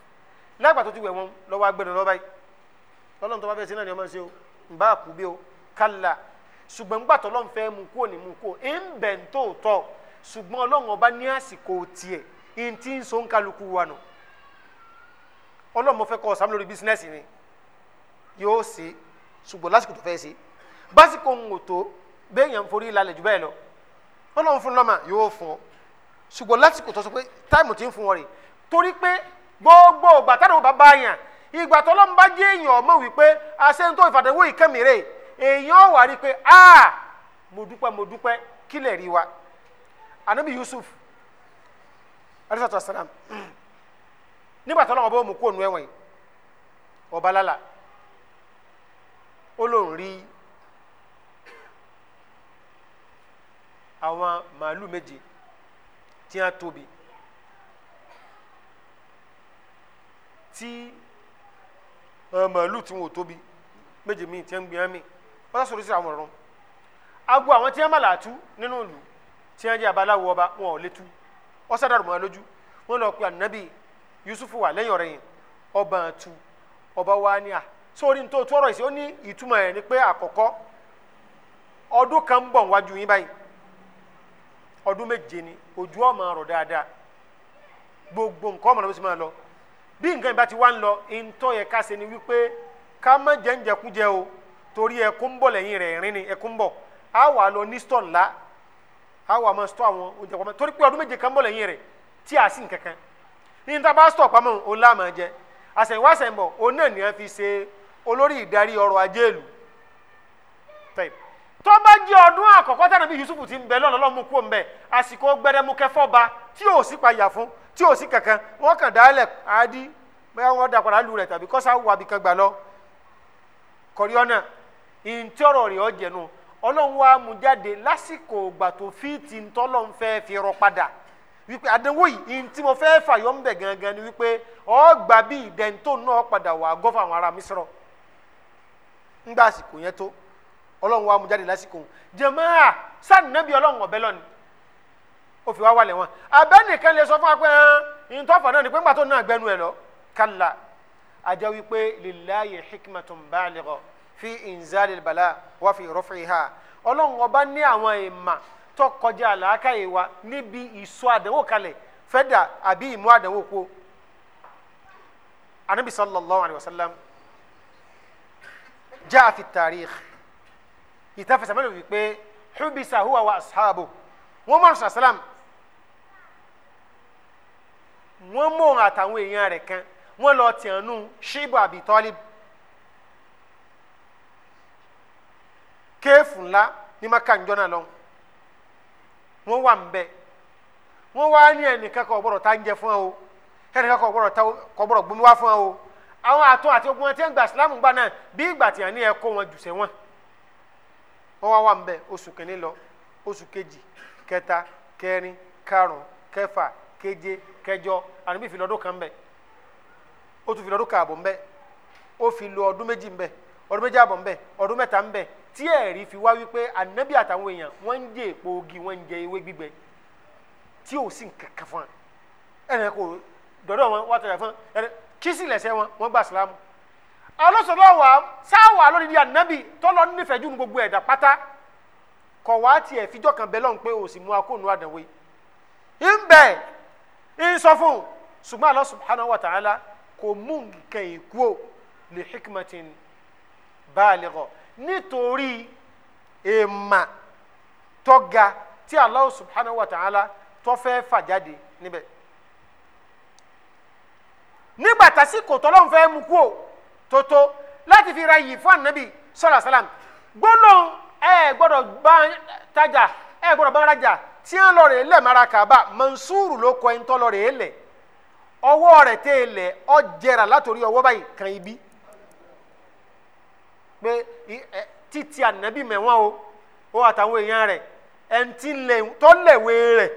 lágbà tó ti wẹ̀ wọn lọ́wọ́ agbẹ́nu lọ́ba yìí lọ́lọ́run tó bá fẹ́ sí náà ni ọmọ ṣe o nbà kú bí o kálá ṣùgbọ́n ńgbà fẹ́ mú yóò ṣe ṣùgbọ́n lásìkò tó fẹ́ ṣe básìkò ń wò tó béèyàn forí lálẹ́ jù bẹ́ẹ̀ lọ ọlọ́run fún lọ́mà yóò fún ọ ṣùgbọ́n lásìkò tó sọ pé táìmù ti ń fún ọ rè torí pé gbogbo ìgbà táwọn ò bá bá yàn ìgbà tó lọ́n bá jẹ́ èèyàn ọmọ wípé aṣẹ́ńtò ìfàdánwò ìkẹ́mìíràn èèyàn wà rí pé a mo dúpẹ́ mo dúpẹ́ kílẹ̀ rí wa anabi Yusuf alayhi salatu wa salam [clears throat] nígbà tó lọ́wọ́ bá wọn mú kó nu ẹ̀wọ̀n yìí ọba lálàá ó lóun rí àwọn màálù méje tí wọ́n tóbi tí àwọn màálù tí wọ́n tóbi méje míì tí wọ́n gbìyànjú mi wọ́n sọ̀rọ̀ sí àwọn ọ̀run agbo àwọn tí wọ́n màlà tú nínú ìlú tí wọ́n jẹ́ abaláwo ọba wọn ò lè tú ọ̀sádàrú mọ́ lójú wọ́n lọ pe ànábì Yusufu wà lẹ́yìn ọ̀rẹ́yìn ọba àtú ọba wa ni à sórí nítorí tó ọ̀rọ̀ yìí sí ó ní ìtumọ̀ ni pé àkọ́kọ́ ọdún kan ń bọ̀ wájú yín báyìí ọdún méje ni ojú ọmọ ọ̀rọ̀ dáadáa gbogbo nǹkan ọmọ ló sì máa lọ bí nǹkan ìbá ti lọ ìntọ́ yẹ ká ṣe ni wípé ká má o torí ẹkún ń bọ̀ lẹ́yìn rẹ̀ rìn ni ẹkún ń bọ̀ á wà lọ ní stọ̀ ńlá á wà máa stọ̀ àwọn oúnjẹ pamọ́ torí pé ọdún méje kan ń bọ̀ lẹ́yìn rẹ̀ tí a sì ń kankan ní ní tá bá stọ̀ pamọ́ olórí ìdarí ọrọ̀ ajé ìlú tó bá jẹ́ ọdún àkọ́kọ́ tí ànábì Yusuf ti ń bẹ lọ́nà lọ́mú kú ọ̀nbẹ àsìkò gbẹdẹmukẹ fọ́ba tí ò sí payà fún tí ò sí kankan wọ́n kàn dálẹ̀ àádí bẹ́ẹ̀ wọ́n dà padà lù rẹ̀ tàbí kọ́sá wà bí kan gbà lọ kọ́ríọ́nà ìǹtí ọ̀rọ̀ rẹ̀ ọ̀jẹ̀ nu ọlọ́run wa mú jáde lásìkò ìgbà tó fi ti ń tọ́lọ́ ń fẹ́ fi rọ padà wípé àdánwò yìí ìǹtí mo fẹ́ fàyọ́ ń bẹ̀ gangan ni wípé ìdẹ́ntò náà padà wà gọ́fà àwọn ará mi sọ̀rọ̀ ńgbà àsìkò yẹn tó ọlọ́run wa mú jáde lásìkò jẹ̀mọ́à sànàbí ọlọ́run ọ̀bẹ lọ́ni ó fi wá wà lẹ́wọ̀n abẹ́nìkan lè sọ fún wa pé ẹn ìtọ́fà náà ni pé ńgbà tó náà gbẹnu ẹ̀ lọ kálá àjẹ́ wípé lillahi hikmatun baligha fi inzalil bala wa fi raf'iha ọlọ́run ọba ní àwọn ìmà tó kọjá àlàákàyè wa níbi ìsọ àdánwò kalẹ̀ fẹ́dà àbí ìmú àdánwò kó anabi sallallahu alayhi wa sallam jaa fi tarikh ìtàn fẹsẹ̀ mẹ́lẹ̀ wípé hubisa huwa wa ashabu wọ́n mọ̀ ṣàṣà sálàm wọ́n mọ̀ òun àtàwọn èèyàn rẹ̀ kan wọ́n lọ tìǹnù ṣíbù àbí tọ́lib kéèfù ńlá ní maka ń jọ́nà lọ wọ́n wà ń bẹ̀ wọ́n wá ní ẹnìkan kọ̀ ọ̀gbọ́dọ̀ tá ń jẹ fún ọ ẹnìkan kọ̀ ọ̀gbọ́dọ̀ gbómi wá fún ọ. àwọn àtọ́ àti ogun ẹ̀ tí ń gba gbà náà bí ìgbà tí àní ẹ̀ kó wọn jù wọn. wọ́n wá wà ń bẹ̀ oṣù kìíní lọ oṣù kejì kẹta kẹrin karùn kẹfà keje kẹjọ àníbí fi lọ́dún kan ń bẹ̀ tún fi ọdún méjì àbọ̀ mẹ́ta ẹ̀ fi wá wípé anabi àtàwọn èèyàn wọ́n ń jẹ èpo wọ́n kí sì lẹ́sẹ̀ wọn wọ́n gba ìsìlámù alọ́sọ̀rọ̀ wa sáwà lórí di ànábì tọ́lọ́ nífẹ̀ẹ́ jù gbogbo ẹ̀dá pátá kọ̀ wá tiẹ̀ fíjọ́ kan bẹ́ẹ̀ lọ́n pé o sì mú akóònù àdánwò yìí ń bẹ̀ ń sọ fún ṣùgbọ́n Allah subhanahu wa ta'ala kò mú nǹkan ìkú o li hikmatin baligha nítorí èèmà tọ́ga tí Allah subhanahu wa ta'ala tó fẹ́ fà nígbà tásìkò tọ́lọ́n fẹ́ mú kú o tótó láti fi ra yìí fún ànábì sọ́lá sálàm gbólóhùn ẹ gbọ́dọ̀ bá tajà ẹ gbọ́dọ̀ bá rajà tí ń lọ rèé lẹ̀ mara kàbá Mansuru ló kọ ẹ̀ńtọ́ lọ rèé lẹ̀ ọwọ́ rẹ̀ tẹ́ ẹ lẹ̀ ọ jẹrà látòrí ọwọ́ báyìí kan ibi pé títí ànábì mẹ́wọ́n o ó àtàwọn èèyàn rẹ̀ ẹ̀ńtí tọ́lẹ̀wé rẹ̀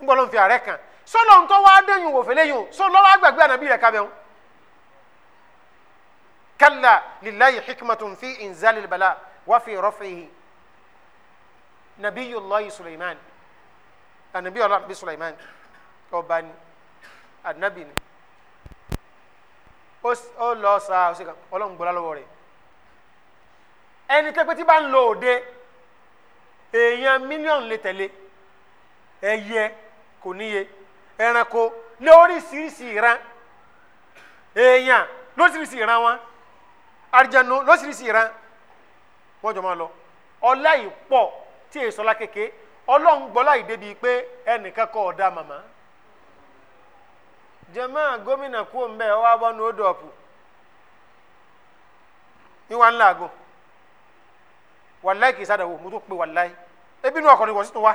ń gbọ́dọ̀ fi àárẹ̀ kan sọlọ ntọ wa dẹyìn wò fẹlẹ yìí o sọlọ wa gbàgbé ànábì rẹ kábẹ o kalla lillahi hikmatun fi inzalil bala wa fi rafihi nabiyullahi suleiman anabi ọlọ anabi suleiman ọba ni anabi ni ó lọ sa Ọlọ́run gbọlá lọ́wọ́ rẹ ẹni tẹpẹ tí bá ń lọ òde èèyàn mílíọ̀nù lè tẹ̀lé ẹyẹ kò níye. ẹranko lóríṣiríṣi ìran èèyàn lóríṣiríṣi ìran wọn àrìjànú lóríṣiríṣi ìran wọn jọ máa lọ ọlá yìí tí èso la kéke ọlọ́run gbọ́lá yìí pé ẹnìkan kọ́ ọ̀dà màmá jẹ̀mọ́ gómìnà kú òun bẹ́ẹ̀ wá bọ́nu ó dọ̀pù níwá ńlá àgọ́ wàláì kì í sádàwó mo tún pe wàláì ebi ni wọ́n sì tún wá.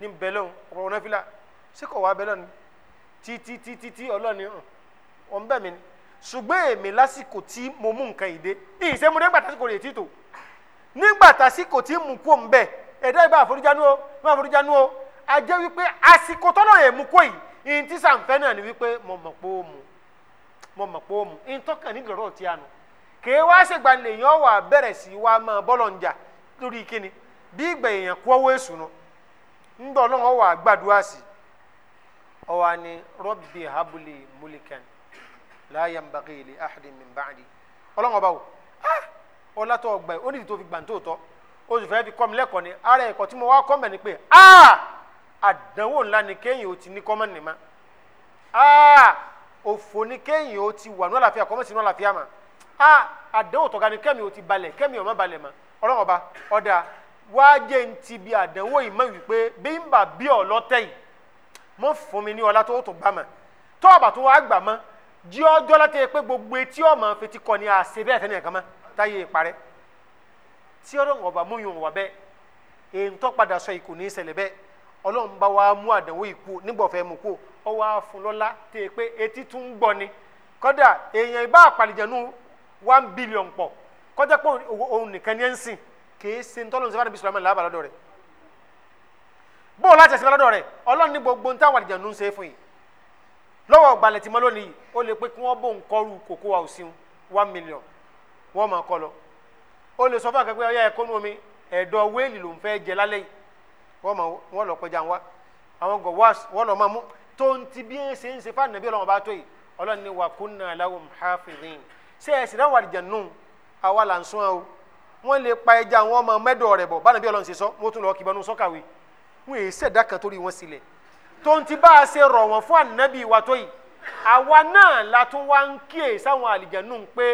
ní bẹlẹn ọ̀pọ̀lọpọ̀ nafila ṣé kò ti ti ti ti tí ọlọni ọ̀n bẹ mi ni ṣùgbọ́n èmi lásìkò tí mo mú nǹkan yìí dé ní ìsẹ́mu nígbà tásìkò rẹ̀ títò nígbà tásìkò tí mú kó ń bẹ̀ ẹ̀dá ìbá àforíjánú o ìbá àforíjánú o a jẹ́ wípé àsìkò tọ́lọ̀ yẹn mú kó yìí ìyìn tí sàǹfẹ́ náà ni wípé mo mọ̀ pé ó mu mo mọ̀ pé ó mu ìyìn tọ́kàn ní ìlọ́rọ̀ tí a nù kèé wá ṣègbà lèèyàn wà bẹ̀rẹ̀ sí wá máa bọ́lọ̀ ń jà lórí kíni bí ìgbà èèyàn kú ọwọ́ èṣù náà ńgbà ọlọ́run ọwọ́ àgbàdua sí ọwọ́ ni rọ́bì habuli mulikan láàyè mbàkìlì ahadi mìbàdì ọlọ́run ọba wò ah, ọlátọ̀ ọgbà ẹ̀ ó nídìí tó fi gbà tó tọ́ ó sì fẹ́ẹ́ fi kọ́ mi lẹ́kọ̀ọ́ ni ara ẹ̀kọ́ tí mo wá kọ́ mẹ́ ni pé ah, àdánwò ńlá ni kéèyàn ó ti ní kọ́mọ́ nìma ah, òfò ni kéèyàn ó ti wà ní àlàáfíà kọ́mọ́ sí ní àlàáfíà mà àdánwò tọ̀gá ni kẹ́mi ó ti balẹ̀ kẹ́mi ó balẹ̀ mà ọlọ́run ọba ọ̀dà wáájẹ ntí bi àdánwò yìí má wípé bí bí ọ lọ́tẹ̀ yìí mọ fún mi ní ọlá tó tó tó ọba tó wá gbà jí ọjọ́ láti pé gbogbo etí fetí kọ ni ase bẹ́ẹ̀ fẹ́ni ẹ̀ka má táyé parẹ́ tí ọlọ́run ọba mú muyun wá bẹ́ẹ̀ èyí tó padà sọ yìí kò ní í ṣẹlẹ̀ wa mú àdánwò yìí kú mu kú ọ wá fún lọ́lá tẹ́ pé etí tún ń gbọ́ ni kọ́dà èèyàn ìbá one billion pọ̀ pé òun nìkan ni ń kìí ṣe ń tọ́lọ́run sẹ́fà níbi sùlámù làbà lọ́dọ̀ rẹ̀ bó o láti ẹ̀sìn lọ́dọ̀ rẹ̀ ọlọ́run ní gbogbo ní táwọn àdìjànú ń ṣe fún yìí lọ́wọ́ ọ̀gbàlẹ̀ tí mo lónìí ó lè pé kí wọ́n bò ń kọ́rù kókó wa òsín one million wọ́n máa kọ́ lọ ó lè sọ fún akẹ́kọ̀ọ́ ọ̀yá ẹ̀kọ́ nu omi ẹ̀dọ̀ wéèlì ló ń fẹ́ jẹ lálẹ́ yìí wọ́n máa wọ́n lọ kọjá wa àwọn gọ̀wáàs wọ́n lọ máa mú tó ń ti bí ń ṣe ń ṣe wọ́n lè pa ẹja àwọn ọmọ mẹ́dọ̀ bọ̀ bánabi ọlọ́run ṣe sọ wọ́n tún lọ kí bọ́nú wọ́n èyí sẹ̀dá kan torí ti bá a ṣe rọ̀ wọ́n fún ànábì wa tó yìí àwa náà la tún wá ń kíyè sáwọn àlìjẹ̀nù pé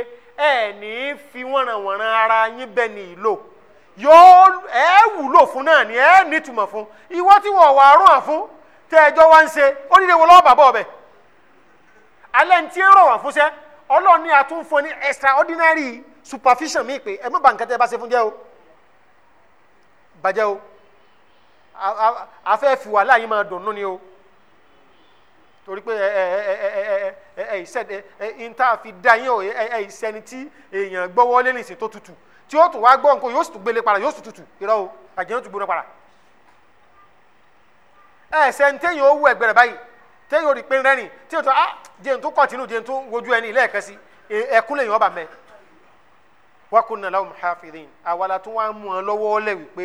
ẹ ní fi wọ́n ràn wọ́n ara yín ni ìlò yóò ẹ wúlò fún náà ni ẹ nítumọ̀ fún ìwọ tí wà rún superficial mi pé ẹ mú bàǹkà tẹ́ ẹ bá ṣe fún jẹ́ o bàjẹ́ o afẹ́ fi wàhálà yìí máa dùnnú ni o torí pé ẹ ẹ ẹ ẹ ẹ ẹ ìṣe ẹ ìta fi da yín o ẹ ẹ ìṣẹni tí èèyàn gbọ́wọ́ lé nìsín tó tutù tí ó tún wá gbọ́ nǹkan yóò sì tún gbélé para yóò sì tutù irọ́ o àjẹyàn tún gbóná para ẹ ṣẹni téèyàn ó wú ẹgbẹ̀rẹ̀ báyìí téèyàn ò rí pé ń rẹ́rìn téèyàn tó ah jẹun tó kọ̀tínú jẹun tó wojú ẹni lẹ́ẹ̀kan sí ẹkún lèèyàn ọba mẹ́ẹ̀ wakunna lahum hafidhin àwa la tún wá mú wọn lọ́wọ́ lẹ̀ wípé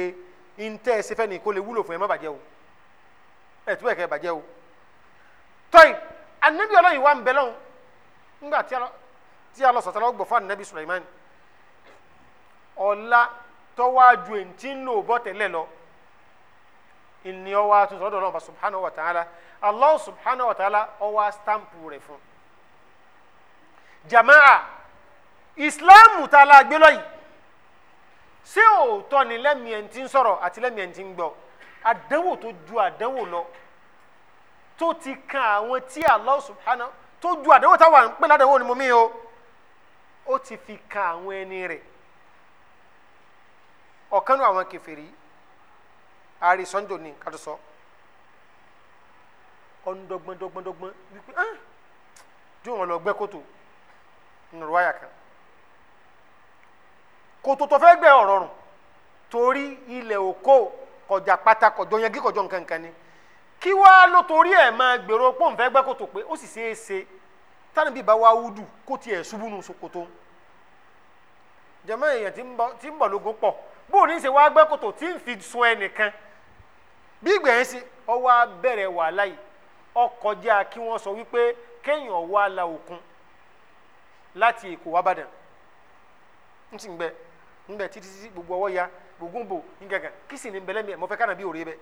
ntẹ́ ẹ sẹ́fẹ́ ní kó lè wúlò fún ẹ má bàjẹ́ o ẹ túbọ̀ kẹ́ ẹ bàjẹ́ o tọ́yì anabi ọlọ́yin wa ń bẹ lọ́hùn ńgbà tí a lọ sọ̀tà lọ́gbọ̀ fún anabi Sulaiman ọ̀la tọ́wájú ẹ̀ǹtí ń lò bọ́ ìní ọwọ́ àtúntò ọ̀dọ̀ náà bá wa ta'ala Allah subhanahu wa ta'ala ọwọ́ stamp rẹ̀ fún jama'a ìsìláàmù tá a la gbé lọ́yìn ṣé òótọ́ ni lẹ́mìí ẹ̀ ń ti ń sọ̀rọ̀ àti lẹ́mìí ẹ̀ ń ti ń gbọ́ àdánwò tó ju àdánwò lọ tó ti kan àwọn tí Allah subhanahu tó ju àdánwò táwa ń pè ládàáwò ni mo mí o ó ti fi kan àwọn ẹni rẹ̀ ọ̀kanú àwọn kèfèrí àrísọ́njò ni kàtúsọ ọ̀ndọ̀gbọ̀ndọ̀gbọ̀ndọ̀gbọ̀n wípé ah jóun ọ̀lọ́gbẹ́ kótó nùrọ̀ wáyà kan. kòtò tó fẹ́ torí ilẹ̀ òkò kọjá pátá kọjọ kọjọ nkankan ni kí wàá ló torí ẹ̀ máa gbèrò pọ́ùn fẹ́ gbẹ́ kòtò pé ó sì ṣe tani bíi báwa wúdù kó tiẹ̀ ṣubú nu èèyàn ń bọ̀ pọ̀ bó o ní ṣe wàá gbẹ́ kòtò tí ń fi sun ẹnìkan bí ìgbà yẹn ṣe ọwọ́ wàhálà yìí ọkọjá kí wọ́n mgbe titi títí gbogbo ọwọ́ ya gbogbo ń bò kisi ni sì ní bẹlẹ mi ẹ mọ fẹ kánà bí òrè bẹ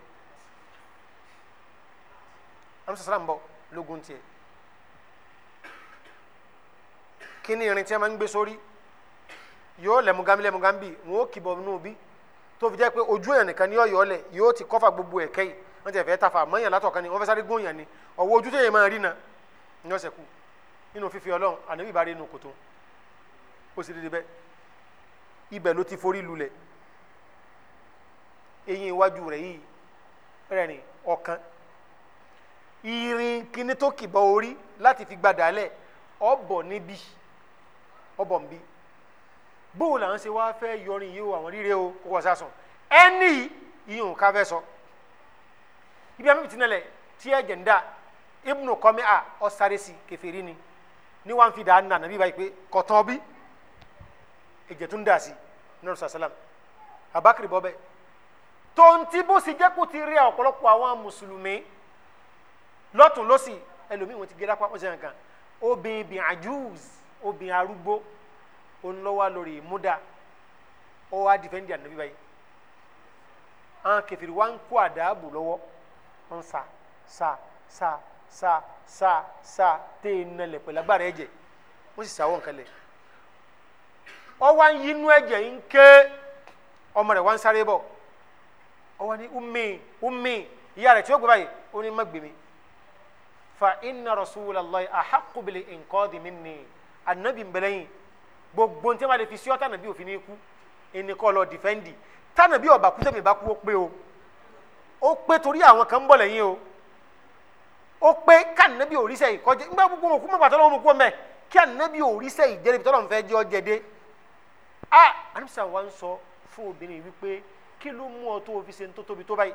amusa sara ń bọ lógun tiẹ irin tí ma máa ń gbé sórí gami gami bi wọn ó kìbọ nù bí tó fi ojú èèyàn nìkan ni o lẹ yóò ti kei. gbogbo ẹkẹ yìí wọn ti fẹ tafa mọyàn látọkan ni wọn fẹ sáré ni ọwọ́ ojú tẹyẹ máa rí na ní ọsẹ fífi ibẹ̀ ló ti forí lulẹ̀ eyín iwájú rẹ̀ yìí rẹ̀rìn ọ̀kan irin kíní tó kìbọ̀ orí láti fi gbadà lẹ̀ ọ̀bọ̀ níbí ọ̀bọ̀ nbí bóun là ń ṣe wáá fẹ́ yọrin yìí o àwọn rírẹ o kó wọ́n sásùn ẹni ìyún ká fẹ́ sọ ibi àmì tìǹlẹ̀ tí ẹ̀jẹ̀ ń dà ibùnú kọ́mi à ọ̀sáré sí kẹfẹ́rí ni ní wàá fi dàá nà nàbí báyìí pé kọ̀tàn bíi ẹ̀jẹ̀ tó ń dà sí nínú sàlám abakiri bọ́ bẹ́ẹ̀ tonti bó sì jẹ́ kó ti rí ọ̀pọ̀lọpọ̀ àwọn mùsùlùmí lọ́tún lọ́sì ẹlòmíì wọn ti gẹ́dá pápọ̀ sẹ́yìn kan obìnrin bìn ajúz obìnrin arúgbó onlọ́wà lórí múdà ó wá dìfẹ́ndì ànábì báyìí àwọn kẹfìrì wá ń kó àdáàbò lọ́wọ́ ń sa sa sa sa sa sa tẹ́ ẹ nalẹ̀ pẹ̀lú agbára ẹ̀jẹ̀ wọ́n sì sáwọ́ nǹkan lẹ̀ ọwọ́ ń yí inú ẹ̀jẹ̀ ń ọmọ rẹ̀ wá ń sáré bọ̀ umi umi ìyá tí ó gbé báyìí ó ní fa inna nkọ di bil inqadi anabi mbẹlẹyin gbogbo ntẹ́ máa lè fi sí ọ́ tànàbí òfin ní kú ẹnìkan lọ dìfẹ́ǹdì tànàbí ọ̀bà kú sẹ́mi bá kú ó pé o ó pé torí àwọn kan ń bọ̀ lẹ́yìn o ó pé kànàbí òrìṣẹ́ ìkọ́jẹ́ ńgbà gbogbo mọ̀ pàtó lọ́wọ́ mu kú ọmọ ẹ̀ kí ànàbí òrìṣẹ́ fẹ́ jẹ́ ọ jẹ́ dé. a ah, anamisa wa ń sọ fún obìnrin wípé kí ló mú ọ tó o fi ṣe ń tó tóbi tó báyìí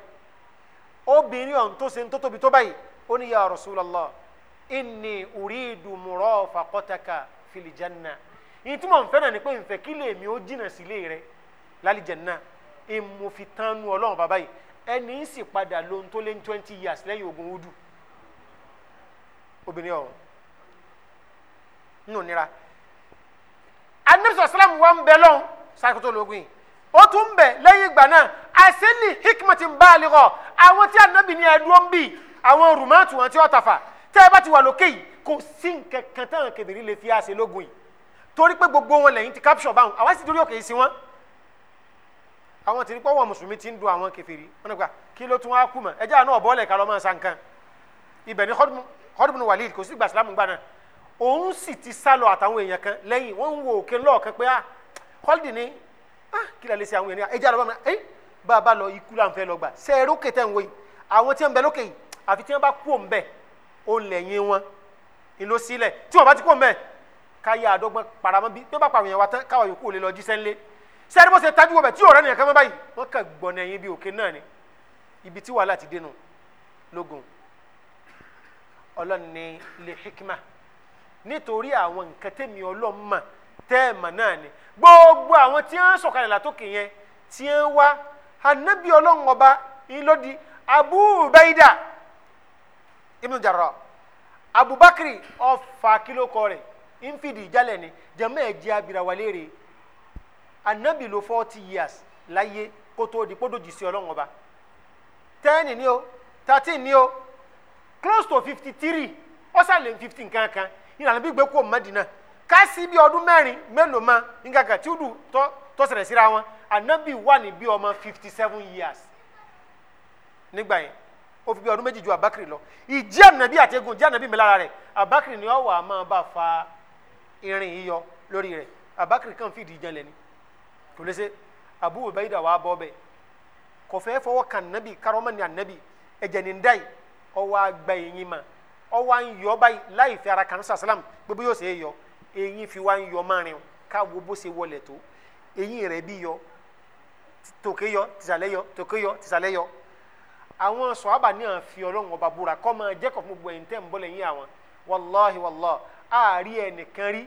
obìnrin ọ̀hún tó ṣe ń tó tóbi tó báyìí ó ní ya Rasulullah inni uridu murafaqataka fil janna yìí tí náà ni pé nfẹ́ kí lè mi ó jìnnà sílé rẹ lálìjẹ̀nà èmo ọlọ́run bàbá yìí ẹni ń sì padà lóhun tó lé ní twenty years lẹ́yìn ogun odu obìnrin ọ̀hún nù nira anabisa salam wa ń bẹ lọ́n sàkótó lóògùn yìí ó tún bẹ lẹ́yìn ìgbà náà àṣẹ́lì hikmati ń bá a lè rọ àwọn tí anabi ní ẹdúró ń bì àwọn rùmọ́ọ̀tù wọn tí ó tàfà tẹ́ ẹ bá ti wà lókè yìí kò sí nǹkan kan táwọn kẹbìrì lè fi àṣẹ lóògùn yìí torí pé gbogbo wọn lẹ́yìn ti capture báwọn àwa sì dórí òkè yìí sí wọn àwọn tí ní pọ́wọ́ mùsùlùmí ti ń du àwọn kẹfìrí wọn nípa kí ló tún wá kú mọ́ ẹjẹ́ àná ọ̀bọ́ọ̀lẹ̀ kálọ́ máa sa nǹkan ibẹ̀ ni Khalid bin Walid kò sí gbàsílámù gbà náà òun sì ti sá lọ àtàwọn èèyàn kan lẹ́yìn wọ́n ń wo òkè lọ́ọ̀kan pé ah họ́lìdì ni ah kí lè ṣe àwọn èèyàn ẹja lọ́ba mi ẹ́ bá a bá lọ ikú là ń fẹ́ lọ gbà ṣe é rókè tẹ̀ ń wo yìí àwọn tí wọ́n ń bẹ lókè yìí àfi tí wọ́n bá kú òun bẹ̀ ó lẹ́yìn wọn ìlú sílẹ̀ tí wọ́n bá ti kú òun bẹ̀ káyé àdọ́gbọ́n paramọ́ bí tó bá pàrọ̀ yẹn wa tán káwa yòókù ò lè lọ jíṣẹ́ ńlé sẹ́ni bó ṣe tajú wọ̀ bẹ̀ tí ọ̀rẹ́ nìyẹn kan mọ́ báyìí wọ́n kàn gbọ̀nà ẹ̀yìn bí òkè náà ni ibi tí wàhálà ti nítorí àwọn nǹkan tẹ̀mí ọlọ́mọ tẹ́ẹ̀mà náà ni gbogbo àwọn tí wọ́n sọ̀kalẹ̀ látòkè yẹn tí wọ́n wá anabi ọlọ́run ọba ńlọ́dí abu ubaida ibn jarrah abubakar ọfà kílókọ rẹ̀ ńfìdí ìjálẹ̀ ni jẹ́mọ́ ẹ̀ jẹ́ abirawalẹ̀ rẹ̀ anabi ló forty years láyé kótó di kódòjì sí ọlọ́run ọba ten ni o thirteen ni o close to fifty three ọ̀sán lè fifty nǹkan kan ìlànà bí gbé kó Madina kásì bí ọdún mẹ́rin mélòó ma nkankan tí ó dùn tọ́sẹ̀rẹ̀ síra wọn anabi wà ní bí ọmọ fifty seven years nígbà yẹn ó fi bí ọdún méjì ju abakiri lọ ìjẹ́ ànábì àtẹ̀gùn ìjẹ́ ànábì mẹ́lára rẹ̀ abakiri ni ọ̀wà máa bá fa irin yíyọ lórí rẹ̀ abakiri kàn fìdí ìjẹ́ lẹ́ni kò lè ṣe abu ubaida wàá bọ́ bẹ́ẹ̀ kò fẹ́ fọwọ́ kan ànábì kárọ́mọ́ni ànábì ẹ̀jẹ̀ ní ndáyì ọwọ́ àgbà yìí yín máa ọwọ́ à ń yọ báyìí láì fi ara kan sàlám gbogbo yóò ṣe é yọ eyín fi wá ń yọ márùn káwo bó ṣe wọlé tó eyín rẹ̀ bí yọ tòkè yọ tìsàlẹ̀ yọ tòkè yọ tìsàlẹ̀ yọ àwọn sọ̀hábà náà fi ọlọ́run ọba búra kọ́ máa jẹ́ kọ̀ọ̀kan gbogbo ẹ̀yìn tẹ́ ń bọ́ lẹ́yìn àwọn wàláhi wàláhi àárí ẹnìkan rí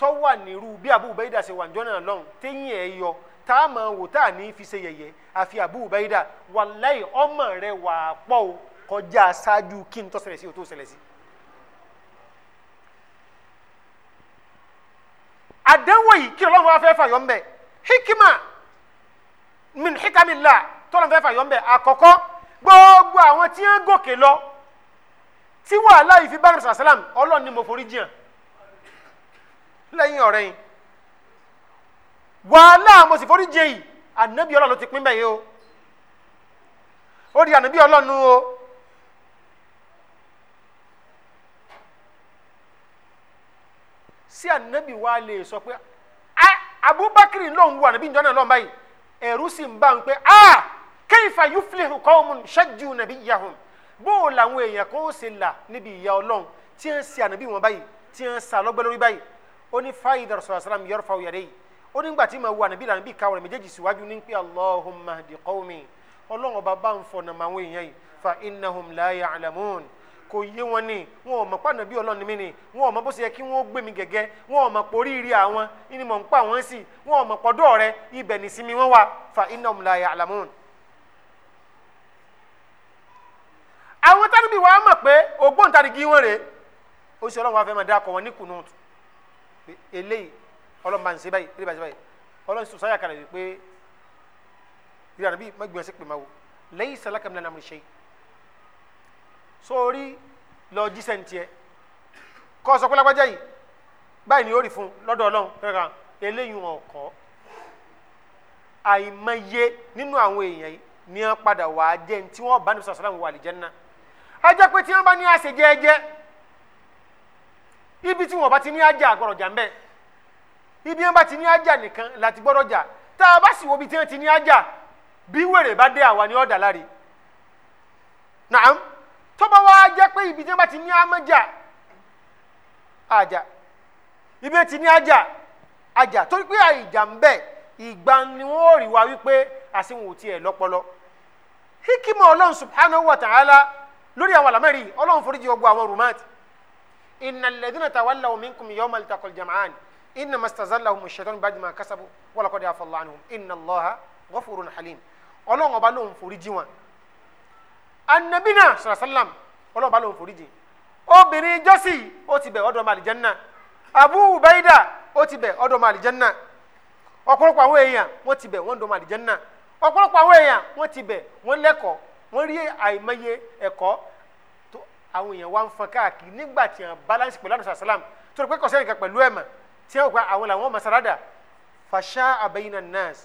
tó wà nírú bí Abu ṣe wà níjọ́ lọ́hùn téyìn ẹ̀ yọ tá a máa wò tá a ní fi ṣe yẹ̀yẹ́ àfi Abu Ubaida wàláhi ọmọ rẹ̀ wà á pọ̀ o kọjá ṣáájú kí n tó ṣẹlẹ̀ sí o tó ṣẹlẹ̀ sí. àdánwò yìí kí ọlọ́run wá fẹ́ fàyọ́ ń bẹ̀ hikima min hikamila tọ́lọ́run fẹ́ fàyọ́ ń bẹ̀ àkọ́kọ́ gbogbo àwọn tí wọ́n gòkè lọ tí wàhálà yìí fi bá rẹ̀ sàlám ọlọ́run ni mo forí jiyàn lẹ́yìn ọ̀rẹ́ yìí wàhálà mo sì forí jiyàn yìí ànábì ọlọ́run ti pín bẹ́ẹ̀ yìí o ó di ànábì ọlọ́run o. sí ànábì wa lè sọ pé abubakar ló ń wo ànábì ìjọ náà lọ́n báyìí ẹ̀rú sì ń bá ń pé a kayfa yuflihu qawmun shajju nabiyyahum bó o làwọn èèyàn kó o ṣe là níbi ìyà ọlọ́run tí ń sí ànábì wọn báyìí tí ń sà lọ́gbẹ́ lórí báyìí ó ní fáyì dàrúsọ̀rọ̀ sàlámù yarfa'u yadayhi ó nígbà tí màá wo ànábì lànà bí méjèèjì síwájú ní pé allahumma hdi qawmi ọlọ́run ọba bá ń fọ̀nà màwọn èèyàn yìí fa innahum la ya'lamun kò yé wọn ni wọn ò mọ̀ pàdánù bí ọlọ́run mi ni wọn ò mọ̀ bó ṣe yẹ kí wọ́n gbé mi gẹ́gẹ́ wọn ò mọ̀ poríire àwọn ìní mọ̀ ń pa wọ́n sí wọn ò mọ̀ pọ̀dọ̀ rẹ ibẹ̀ nìsinmi wọn wà fa innahum la ya'lamun. àwọn tábìlì wa mọ̀ pé ògbóǹtarìgì wọn rèé ó sì ọlọ́run wa fẹ́ máa dá akọ wọn ní kùnú eléyìí ọlọ́run bá ń ṣe báyìí eléyìí bá ń ọlọ́run sọ sáyà kalẹ̀ wípé ìrànlọ́bí má gbìyànjú pè máa wò lẹ́yìn sàlákàmìlànà àmì ṣe yìí sórí lọ jíṣẹ́ ní tiẹ̀ kọ́ sọ pé lágbájá yìí báyìí ni ó rí fún lọ́dọ̀ ọlọ́run rẹ̀ra eléyìí wọn kọ́ àìmọye nínú àwọn èèyàn yìí ni wọn padà wà á jẹ́ tí wọ́n bá ní sọ̀rọ̀ sọ́láwọ̀ wà àlìjánnà á jẹ́ pé tí wọ́n bá ní àṣẹ jẹ́ẹ́jẹ́ ibi tí wọ́n bá ti ní àjà àgbọ̀rọ̀jà ń bẹ ibi wọn bá ti ní àjà nìkan láti gbọ́dọ̀ jà tá a bá sì wo ibi tí wọ́n ti ní àjà bí wèrè bá dé àwa ni ọ̀dà láre nàám tọ́ba wa jẹ́ pé ibi tí wọ́n bá ti ní amájà àjà ibi tí ní àjà àjà torí pé àìjà ń bẹ ìgbà ni wọ́n rí wa wípé àsìwọ̀n ò tiẹ̀ lọ́pọlọ hikima ọlọ́run subhanahu wa ta'ala lórí àwọn àlámẹ́rì ọlọ́run foríjì ọgbọ àwọn rùmáàtì innal ladhina tawallaw minkum yawma altaqal jam'an innama istazallahum ash-shaytanu ba'da ma kasabu wa laqad afa Allahu anhum inna Allaha ghafurun halim ọlọ́run ọba lóun foríjì wọn anabi náà sàlàsàlám ọlọ́run bá lòun foríjì obìnrin jọ́sì ó ti bẹ̀ ọ̀dọ̀ ọmọ àlìjẹ́nà abu ubaida ó ti bẹ̀ ọ̀dọ̀ ọmọ àlìjẹ́nà ọ̀pọ̀lọpọ̀ àwọn èèyàn wọ́n ti bẹ̀ wọ́n dọ̀ ọmọ àlìjẹ́nà ọ̀pọ̀lọpọ̀ àwọn èèyàn wọ́n ti bẹ̀ wọ́n lẹ́kọ̀ọ́ wọ́n rí àìmọye ẹ̀kọ́ tó àwọn èèyàn wá ń fọn káàkiri nígbà tí wọ́n balance pẹ̀lú àdùsà sàlám tó rẹ̀ pé kọ̀sẹ́ nìkan pẹ̀lú ẹ̀mà tí wọ́n gba àwọn làwọn masalada fasha abayna nas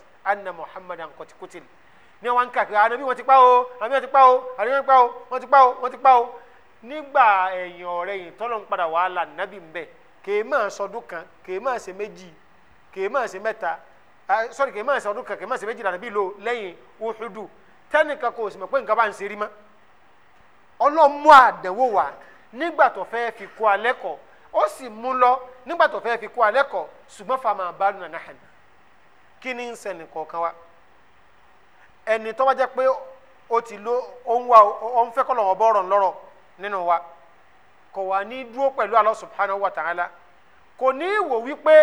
ní wọn kàkiri àná bí wọn ti pa o àbí wọn ti pa o àbí wọn ti pa o wọn ti pa o wọn ti pa o nígbà ẹ̀yìn ọ̀rẹ́ yìí tọ́lọ́ ń padà wàhálà nábì ń bẹ̀ kèé máa sọdún kan kèé máa ṣe méjì kèé máa ṣe mẹ́ta sọ́ọ̀rì kèé máa sọdún kan kèé máa ṣe méjì dàbí lo lẹ́yìn òṣùdù tẹ́nìkan kò sì mọ̀ pé nǹkan bá ń ṣe rí mọ́ ọlọ́mú àdánwò wá nígbà tó fẹ́ fi kó alẹ́ kọ̀ ó sì mú lọ nígbà tó fẹ́ fi kó alẹ́ kọ̀ ṣùgbọ́n fa bá lùnà náà hàn kí ni ń sẹ́nì kọ̀ọ̀kan wa ẹni tó bá jẹ́ pé ó ti ló ó ń wá ó ń fẹ́ kọ́ lọ́wọ́ bọ́ọ̀rọ̀ ńlọ́rọ̀ nínú wa kò wá ní dúró pẹ̀lú Allah subhanahu wa ta'ala kò ní wò wípé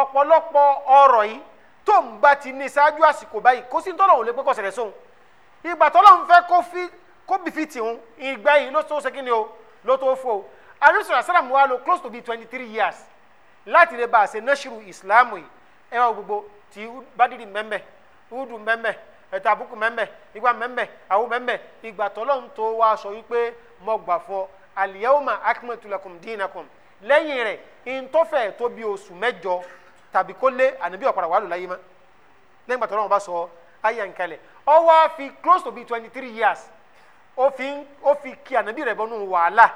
ọ̀pọ̀lọpọ̀ ọ̀rọ̀ yìí tó ń bá ti ní ṣáájú àsìkò báyìí kó sí tọ́lọ̀ òun lè pé kọ́ sẹ̀rẹ̀ sóhun ìgbà tọ́lọ̀ ń fẹ́ kó fi kó bì fi tìhun ìgbà yìí ló tó ṣe kí ni o ló tó fò àrísọ̀rọ̀ sálàmù wa lo close to be twenty three years láti lè bá a ṣe nẹ́ṣirù ìsìláàmù yìí ẹ wá gbogbo tí bá dìdì mbẹ́mbẹ́ udu mbẹ́mbẹ́ ẹ̀tọ́ àbùkù mẹ́mbẹ̀ igba mẹ́mbẹ̀ àwọn mẹ́mbẹ̀ ìgbà tọ́lọ́run tó wá sọ wípé mo gbà fọ al-yawma akmaltu lakum dinakum lẹ́yìn rẹ̀ oṣù mẹ́jọ tàbí kó lé ànábì wàhálù láyé má lẹ́yìn ìgbà tọ́lọ́run bá sọ ayé nkalẹ̀ ó fi close to be twenty three years ó fi ó fi kí ànábì rẹ̀ bọ́nú wàhálà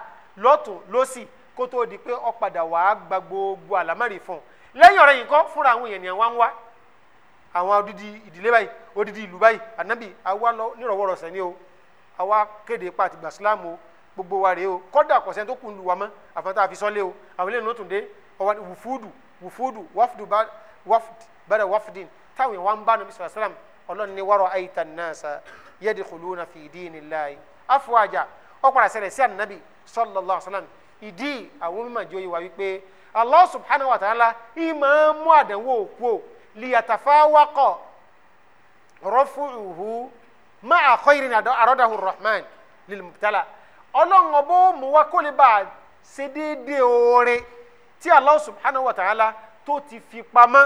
lọ́tún lọ́sì kó tó di pé ọ̀padà wàá gba gbogbo àlámárì fún un lẹ́yìn ọ̀rẹ́yìn kọ́ fúnra àwọn èèyàn ni àwọn wá àwọn odidi ìdílé báyìí odidi ìlú báyìí ànábì àwa lọ nírọ̀wọ́rọ̀sẹ̀ ni o àwa kéde pa àtìgbà Islam o gbogbo wa rèé o kọ́dà kọ̀sẹ́ tó kùn lù wá mọ́ àfọ̀tá àfi sọ́lé o àwọn eléyìí nùtún dé ọwọ́ wùfúdù wùfúdù wàfdù bàdà wàfdìn táwọn èèyàn wá ń bá nàbí sọ̀rọ̀ sálàm ọlọ́run ní wàrọ̀ àyíta nàásà yadkhuluna fi dinillahi afwaja ọ̀pọ̀lọpọ̀ sẹ̀rẹ̀ sí ànábì sallallahu alaihi wasallam ìdí àwọn mímọ̀ jẹ́ òye wa wípé Allah subhanahu wa ta'ala ìmọ̀ mú àdánwò òkú o liyatafawakọ rọfùhù máa khairin àrọ́dàhù rahman lilmubtala ọlọ́run ọbọ̀ mú wa kó lè bá a ṣe déédéé oore tí Allah subhanahu wa ta'ala tó ti fi pamọ́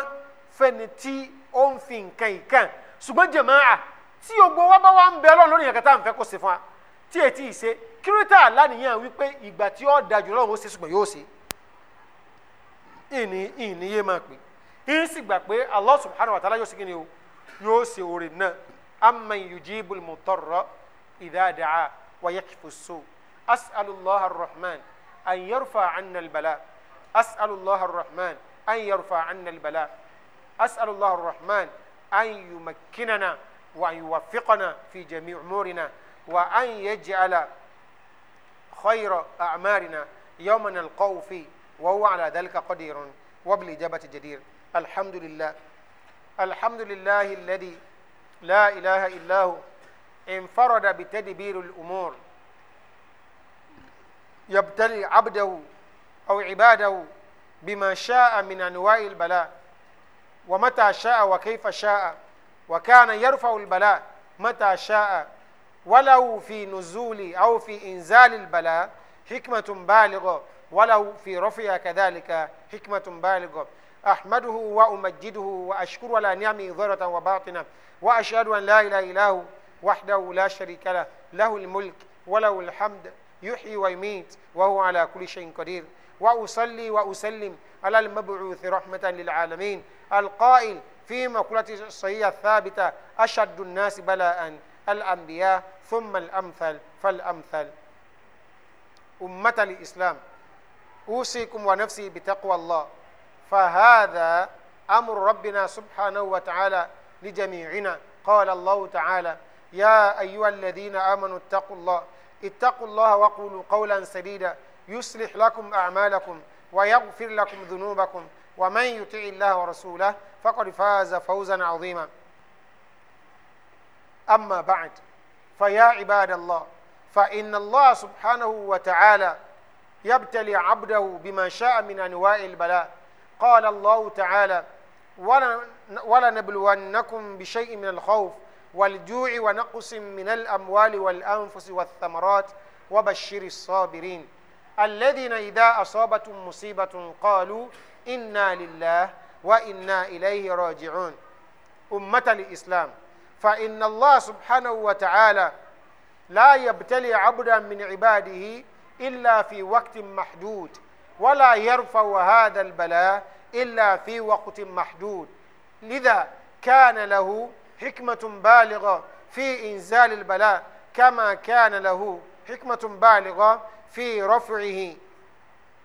fẹ́ni tí ó ń fi nǹkan ìkàn ṣùgbọ́n jàmáà tí ogbó wa bá wà ń bẹ ọlọ́run lórí yẹn kẹta ń fẹ́ kó ṣe fún wa tí etí ìṣe kírítà lánìyàn wípé ìgbà tí ó dájú lọ́run ó ṣe ṣùgbọ́n yóò ṣe ìní ìníye máa pè ń sì gbà pé Allah subhanahu wa ta'ala yóò segin ni o yóò ṣe oore náà amman yujibul mutarra idha da'a wa yakfu su as'alullah ar-rahman an yarfa anna al-bala as'alullah ar-rahman wa an fi jami'i umurina wa an yaj'ala a'marina yawma nalqaw wa huwa ala qadirun wa bil jadir الحمد لله الحمد لله الذي لا إله إلا هو انفرد بتدبير الأمور يبتلي عبده أو عباده بما شاء من أنواع البلاء ومتى شاء وكيف شاء وكان يرفع البلاء متى شاء ولو في نزول أو في إنزال البلاء حكمة بالغة ولو في رفع كذلك حكمة بالغة أحمده وأمجده وأشكر على نعمه ظاهرة وباطنة وأشهد أن لا إله إلا هو وحده لا شريك له له الملك وله الحمد يحيي ويميت وهو على كل شيء قدير وأصلي وأسلم على المبعوث رحمة للعالمين القائل في مقولة الصحيحة الثابتة أشد الناس بلاء الأنبياء ثم الأمثل فالأمثل أمة الإسلام أوصيكم ونفسي بتقوى الله فهذا امر ربنا سبحانه وتعالى لجميعنا قال الله تعالى يا ايها الذين امنوا اتقوا الله اتقوا الله وقولوا قولا سديدا يصلح لكم اعمالكم ويغفر لكم ذنوبكم ومن يطع الله ورسوله فقد فاز فوزا عظيما اما بعد فيا عباد الله فان الله سبحانه وتعالى يبتلي عبده بما شاء من انواع البلاء قال الله تعالى ولنبلونكم بشيء من الخوف والجوع ونقص من الأموال والأنفس والثمرات وبشر الصابرين الذين إذا أصابتهم مصيبة قالوا إنا لله وإنا إليه راجعون أمة الإسلام فإن الله سبحانه وتعالى لا يبتلي عبدا من عباده إلا في وقت محدود ولا يرفع هذا البلاء الا في وقت محدود لذا كان له حكمه بالغه في انزال البلاء كما كان له حكمه بالغه في رفعه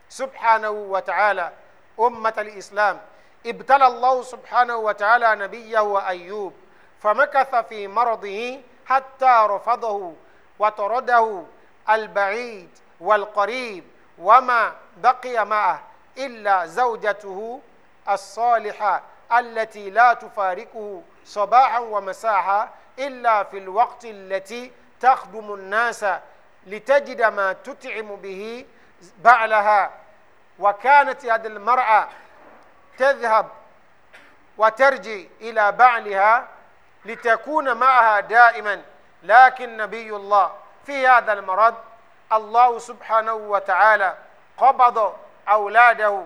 سبحانه وتعالى امه الاسلام ابتلى الله سبحانه وتعالى نبيه ايوب فمكث في مرضه حتى رفضه وطرده البعيد والقريب وما بقي معه إلا زوجته الصالحة التي لا تفارقه صباحا ومساء إلا في الوقت التي تخدم الناس لتجد ما تطعم به بعلها وكانت هذه المرأة تذهب وترجع إلى بعلها لتكون معها دائما لكن نبي الله في هذا المرض الله سبحانه وتعالى قبض أولاده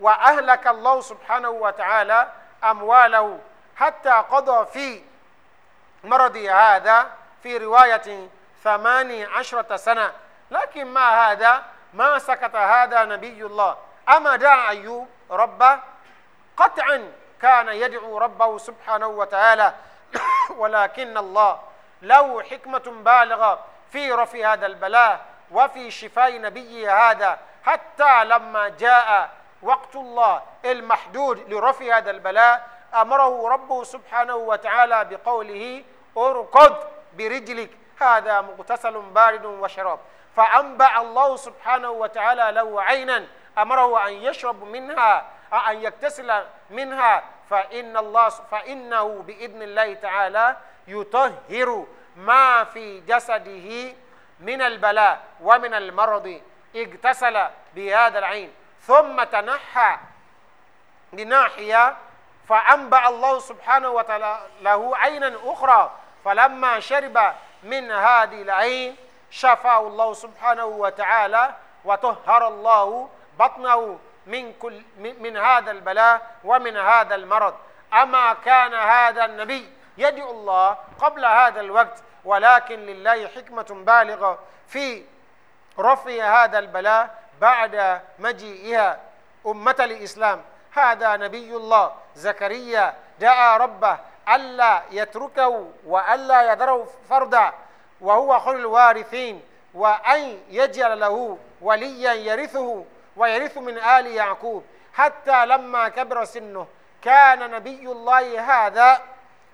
وأهلك الله سبحانه وتعالى أمواله حتى قضى في مرض هذا في رواية ثماني عشرة سنة لكن ما هذا ما سكت هذا نبي الله أما دعا أيوب ربه قطعا كان يدعو ربه سبحانه وتعالى [coughs] ولكن الله له حكمة بالغة في رفع هذا البلاء وفي شفاء نبي هذا حتى لما جاء وقت الله المحدود لرفع هذا البلاء امره ربه سبحانه وتعالى بقوله اركض برجلك هذا مغتسل بارد وشراب فانبا الله سبحانه وتعالى له عينا امره ان يشرب منها ان يغتسل منها فان الله فانه باذن الله تعالى يطهر ما في جسده من البلاء ومن المرض اغتسل بهذا العين ثم تنحى لناحية فأنبأ الله سبحانه وتعالى له عينا أخرى فلما شرب من هذه العين شفاه الله سبحانه وتعالى وطهر الله بطنه من كل من هذا البلاء ومن هذا المرض أما كان هذا النبي يدعو الله قبل هذا الوقت ولكن لله حكمة بالغة في رفع هذا البلاء بعد مجيئها أمة الإسلام هذا نبي الله زكريا دعا ربه ألا يتركه وألا يذره فردا وهو خير الوارثين وأن يجعل له وليا يرثه ويرث من آل يعقوب حتى لما كبر سنه كان نبي الله هذا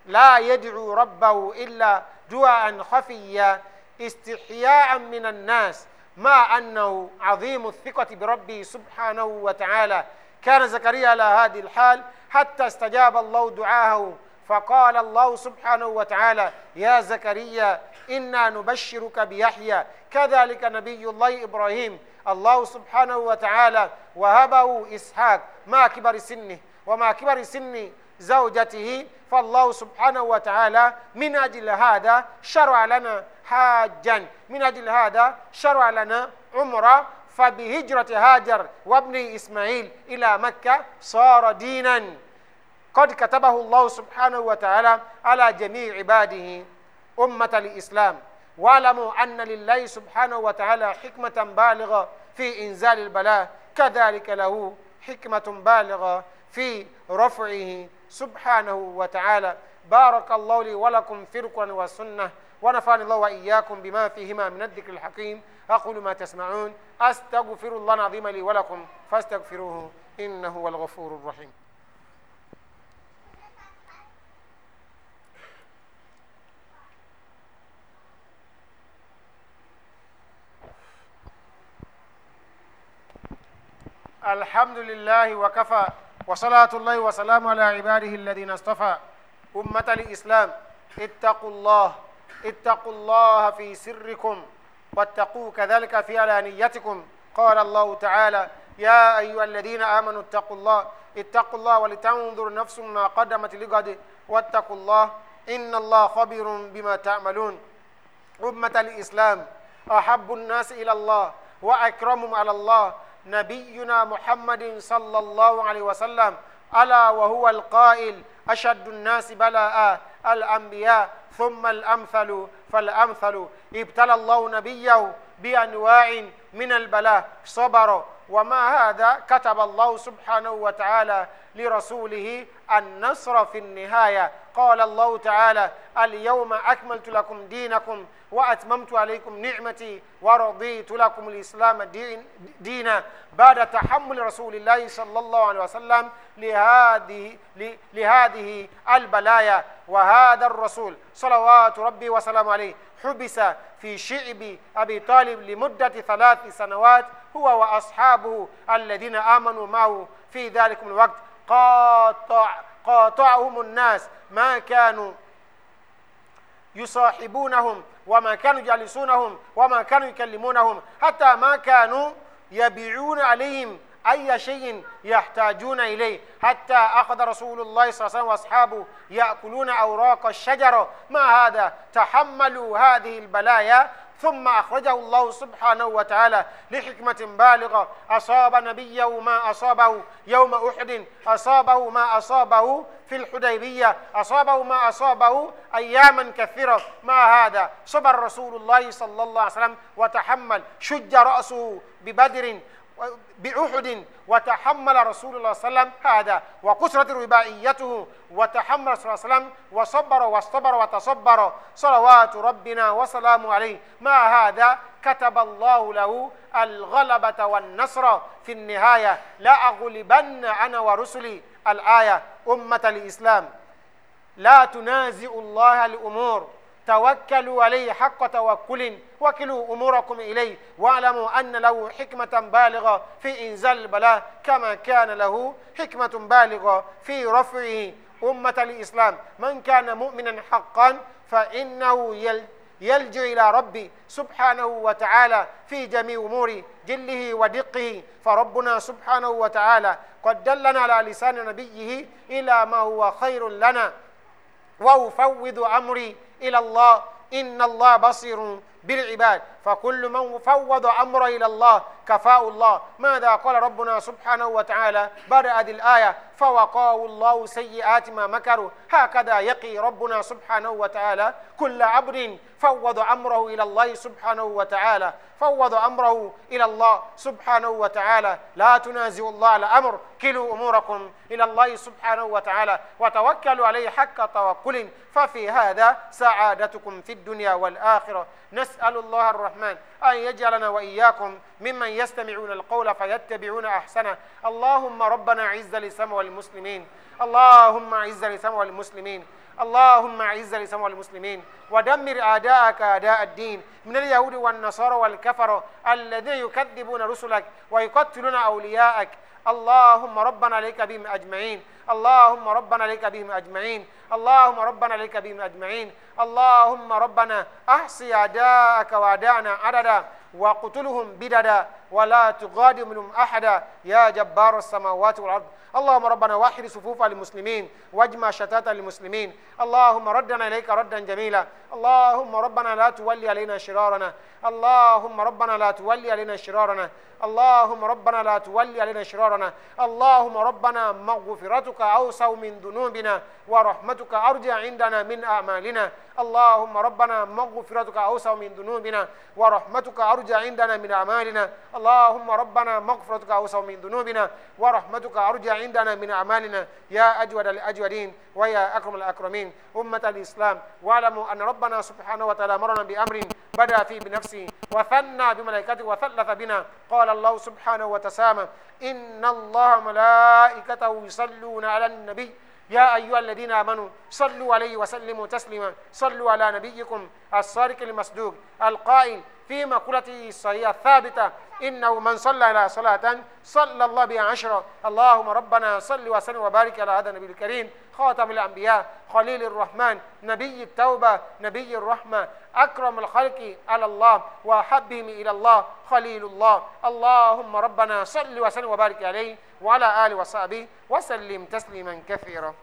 لا يدعو ربه إلا دعاء خفيا استحياء من الناس مع أنه عظيم الثقة بربه سبحانه وتعالى كان زكريا على هذه الحال حتى استجاب الله دعاه فقال الله سبحانه وتعالى يا زكريا إنا نبشرك بيحيى كذلك نبي الله إبراهيم الله سبحانه وتعالى وهبه إسحاق ما كبر سنه وما كبر سن زوجته فالله سبحانه وتعالى من أجل هذا شرع لنا حاجا من أجل هذا شرع لنا عمرة فبهجرة هاجر وابن إسماعيل إلى مكة صار دينا قد كتبه الله سبحانه وتعالى على جميع عباده أمة الإسلام واعلموا أن لله سبحانه وتعالى حكمة بالغة في إنزال البلاء كذلك له حكمة بالغة في رفعه سبحانه وتعالى بارك الله لي ولكم في القرآن والسنة ونفعني الله وإياكم بما فيهما من الذكر الحكيم أقول ما تسمعون أستغفر الله العظيم لي ولكم فاستغفروه إنه هو الغفور الرحيم الحمد لله وكفى وصلاة الله وسلام على عباده الذين اصطفى أمة الإسلام اتقوا الله اتقوا الله في سركم واتقوا كذلك في علانيتكم قال الله تعالى يا أيها الذين آمنوا اتقوا الله اتقوا الله ولتنظر نفس ما قدمت لغد واتقوا الله إن الله خبير بما تعملون أمة الإسلام أحب الناس إلى الله وأكرمهم على الله نبينا محمد صلى الله عليه وسلم ألا وهو القائل أشد الناس بلاء الأنبياء ثم الأمثل فالأمثل ابتلى الله نبيه بأنواع من البلاء صبر وما هذا كتب الله سبحانه وتعالى لرسوله النصر في النهاية قال الله تعالى اليوم أكملت لكم دينكم وأتممت عليكم نعمتي ورضيت لكم الإسلام دين دينا بعد تحمل رسول الله صلى الله عليه وسلم لهذه لهذه البلايا وهذا الرسول صلوات ربي وسلام عليه حبس في شعب أبي طالب لمدة ثلاث سنوات هو وأصحابه الذين آمنوا معه في ذلك الوقت قاطع قاطعهم الناس ما كانوا يصاحبونهم وما كانوا يجلسونهم وما كانوا يكلمونهم حتى ما كانوا يبيعون عليهم أي شيء يحتاجون إليه حتى أخذ رسول الله صلى الله عليه وسلم وأصحابه يأكلون أوراق الشجرة ما هذا تحملوا هذه البلايا ثم أخرجه الله سبحانه وتعالى لحكمة بالغة أصاب نبيه ما أصابه يوم أحد أصابه ما أصابه في الحديبية أصابه ما أصابه أياما كثيرة ما هذا صبر رسول الله صلى الله عليه وسلم وتحمل شج رأسه ببدر بأحد وتحمل رسول الله صلى الله عليه وسلم هذا وكسرت رباعيته وتحمل رسول الله صلى الله عليه وسلم وصبر واصطبر وتصبر صلوات ربنا وسلامه عليه ما هذا كتب الله له الغلبة والنصر في النهاية لا أغلبن أنا ورسلي الآية أمة الإسلام لا تنازع الله الأمور توكلوا عليه حق توكل وكلوا اموركم اليه واعلموا ان له حكمه بالغه في انزال البلاء كما كان له حكمه بالغه في رفعه امه الاسلام من كان مؤمنا حقا فانه يل يلجا الى ربي سبحانه وتعالى في جميع امور جله ودقه فربنا سبحانه وتعالى قد دلنا على لسان نبيه الى ما هو خير لنا وافوض امري إلى الله إن الله بصير بالعباد فكل من فوض أمر إلى الله كفاء الله ماذا قال ربنا سبحانه وتعالى بدأت الآية فوقاه الله سيئات ما مكروا هكذا يقي ربنا سبحانه وتعالى كل عبد فوض امره الى الله سبحانه وتعالى فوض امره الى الله سبحانه وتعالى لا تنازعوا الله الامر كلوا اموركم الى الله سبحانه وتعالى وتوكلوا عليه حق توكل ففي هذا سعادتكم في الدنيا والاخره نسال الله الرحمن ان يجعلنا واياكم ممن يستمعون القول فيتبعون احسنه اللهم ربنا عز لسمو المسلمين اللهم عز لسمو المسلمين اللهم اعز الاسلام والمسلمين ودمر اعداءك اعداء الدين من اليهود والنصارى والكفر الذين يكذبون رسلك ويقتلون اولياءك اللهم ربنا عليك بهم اجمعين اللهم ربنا عليك بهم اجمعين اللهم ربنا عليك بهم اجمعين اللهم ربنا احصي اعداءك واعداءنا عددا وقتلهم بددا ولا تغادر منهم أحدا يا جبار السماوات والأرض اللهم ربنا واحد صفوف المسلمين واجمع شتات المسلمين اللهم ردنا إليك ردا جميلا اللهم ربنا لا تولي علينا شرارنا اللهم ربنا لا تولي علينا شرارنا اللهم ربنا لا تولي علينا شرارنا اللهم ربنا مغفرتك أوسع من ذنوبنا ورحمتك أرجع عندنا من أعمالنا اللهم ربنا مغفرتك أوسع من ذنوبنا ورحمتك أرجع عندنا من أعمالنا اللهم ربنا مغفرتك أوسع من ذنوبنا ورحمتك أرجع عندنا من أعمالنا يا أجود الأجودين ويا أكرم الأكرمين أمة الإسلام واعلموا أن ربنا سبحانه وتعالى مرنا بأمر بدأ فيه بنفسه بنفسه وثنى بملائكته وثلث بنا قال الله سبحانه وتسامى إن الله ملائكته يصلون على النبي يا أيها الذين آمنوا صلوا عليه وسلموا تسليما صلوا على نبيكم الصارق المصدوق القائل في مقولته الصحيحة الثابتة إنه من صلى على صلاة صلى الله بها عشرة اللهم ربنا صل وسلم وبارك على هذا النبي الكريم خاتم الأنبياء خليل الرحمن نبي التوبة نبي الرحمة أكرم الخلق على الله وأحبهم إلى الله خليل الله اللهم ربنا صل وسلم وبارك عليه وعلى آله وصحبه وسلم تسليما كثيرا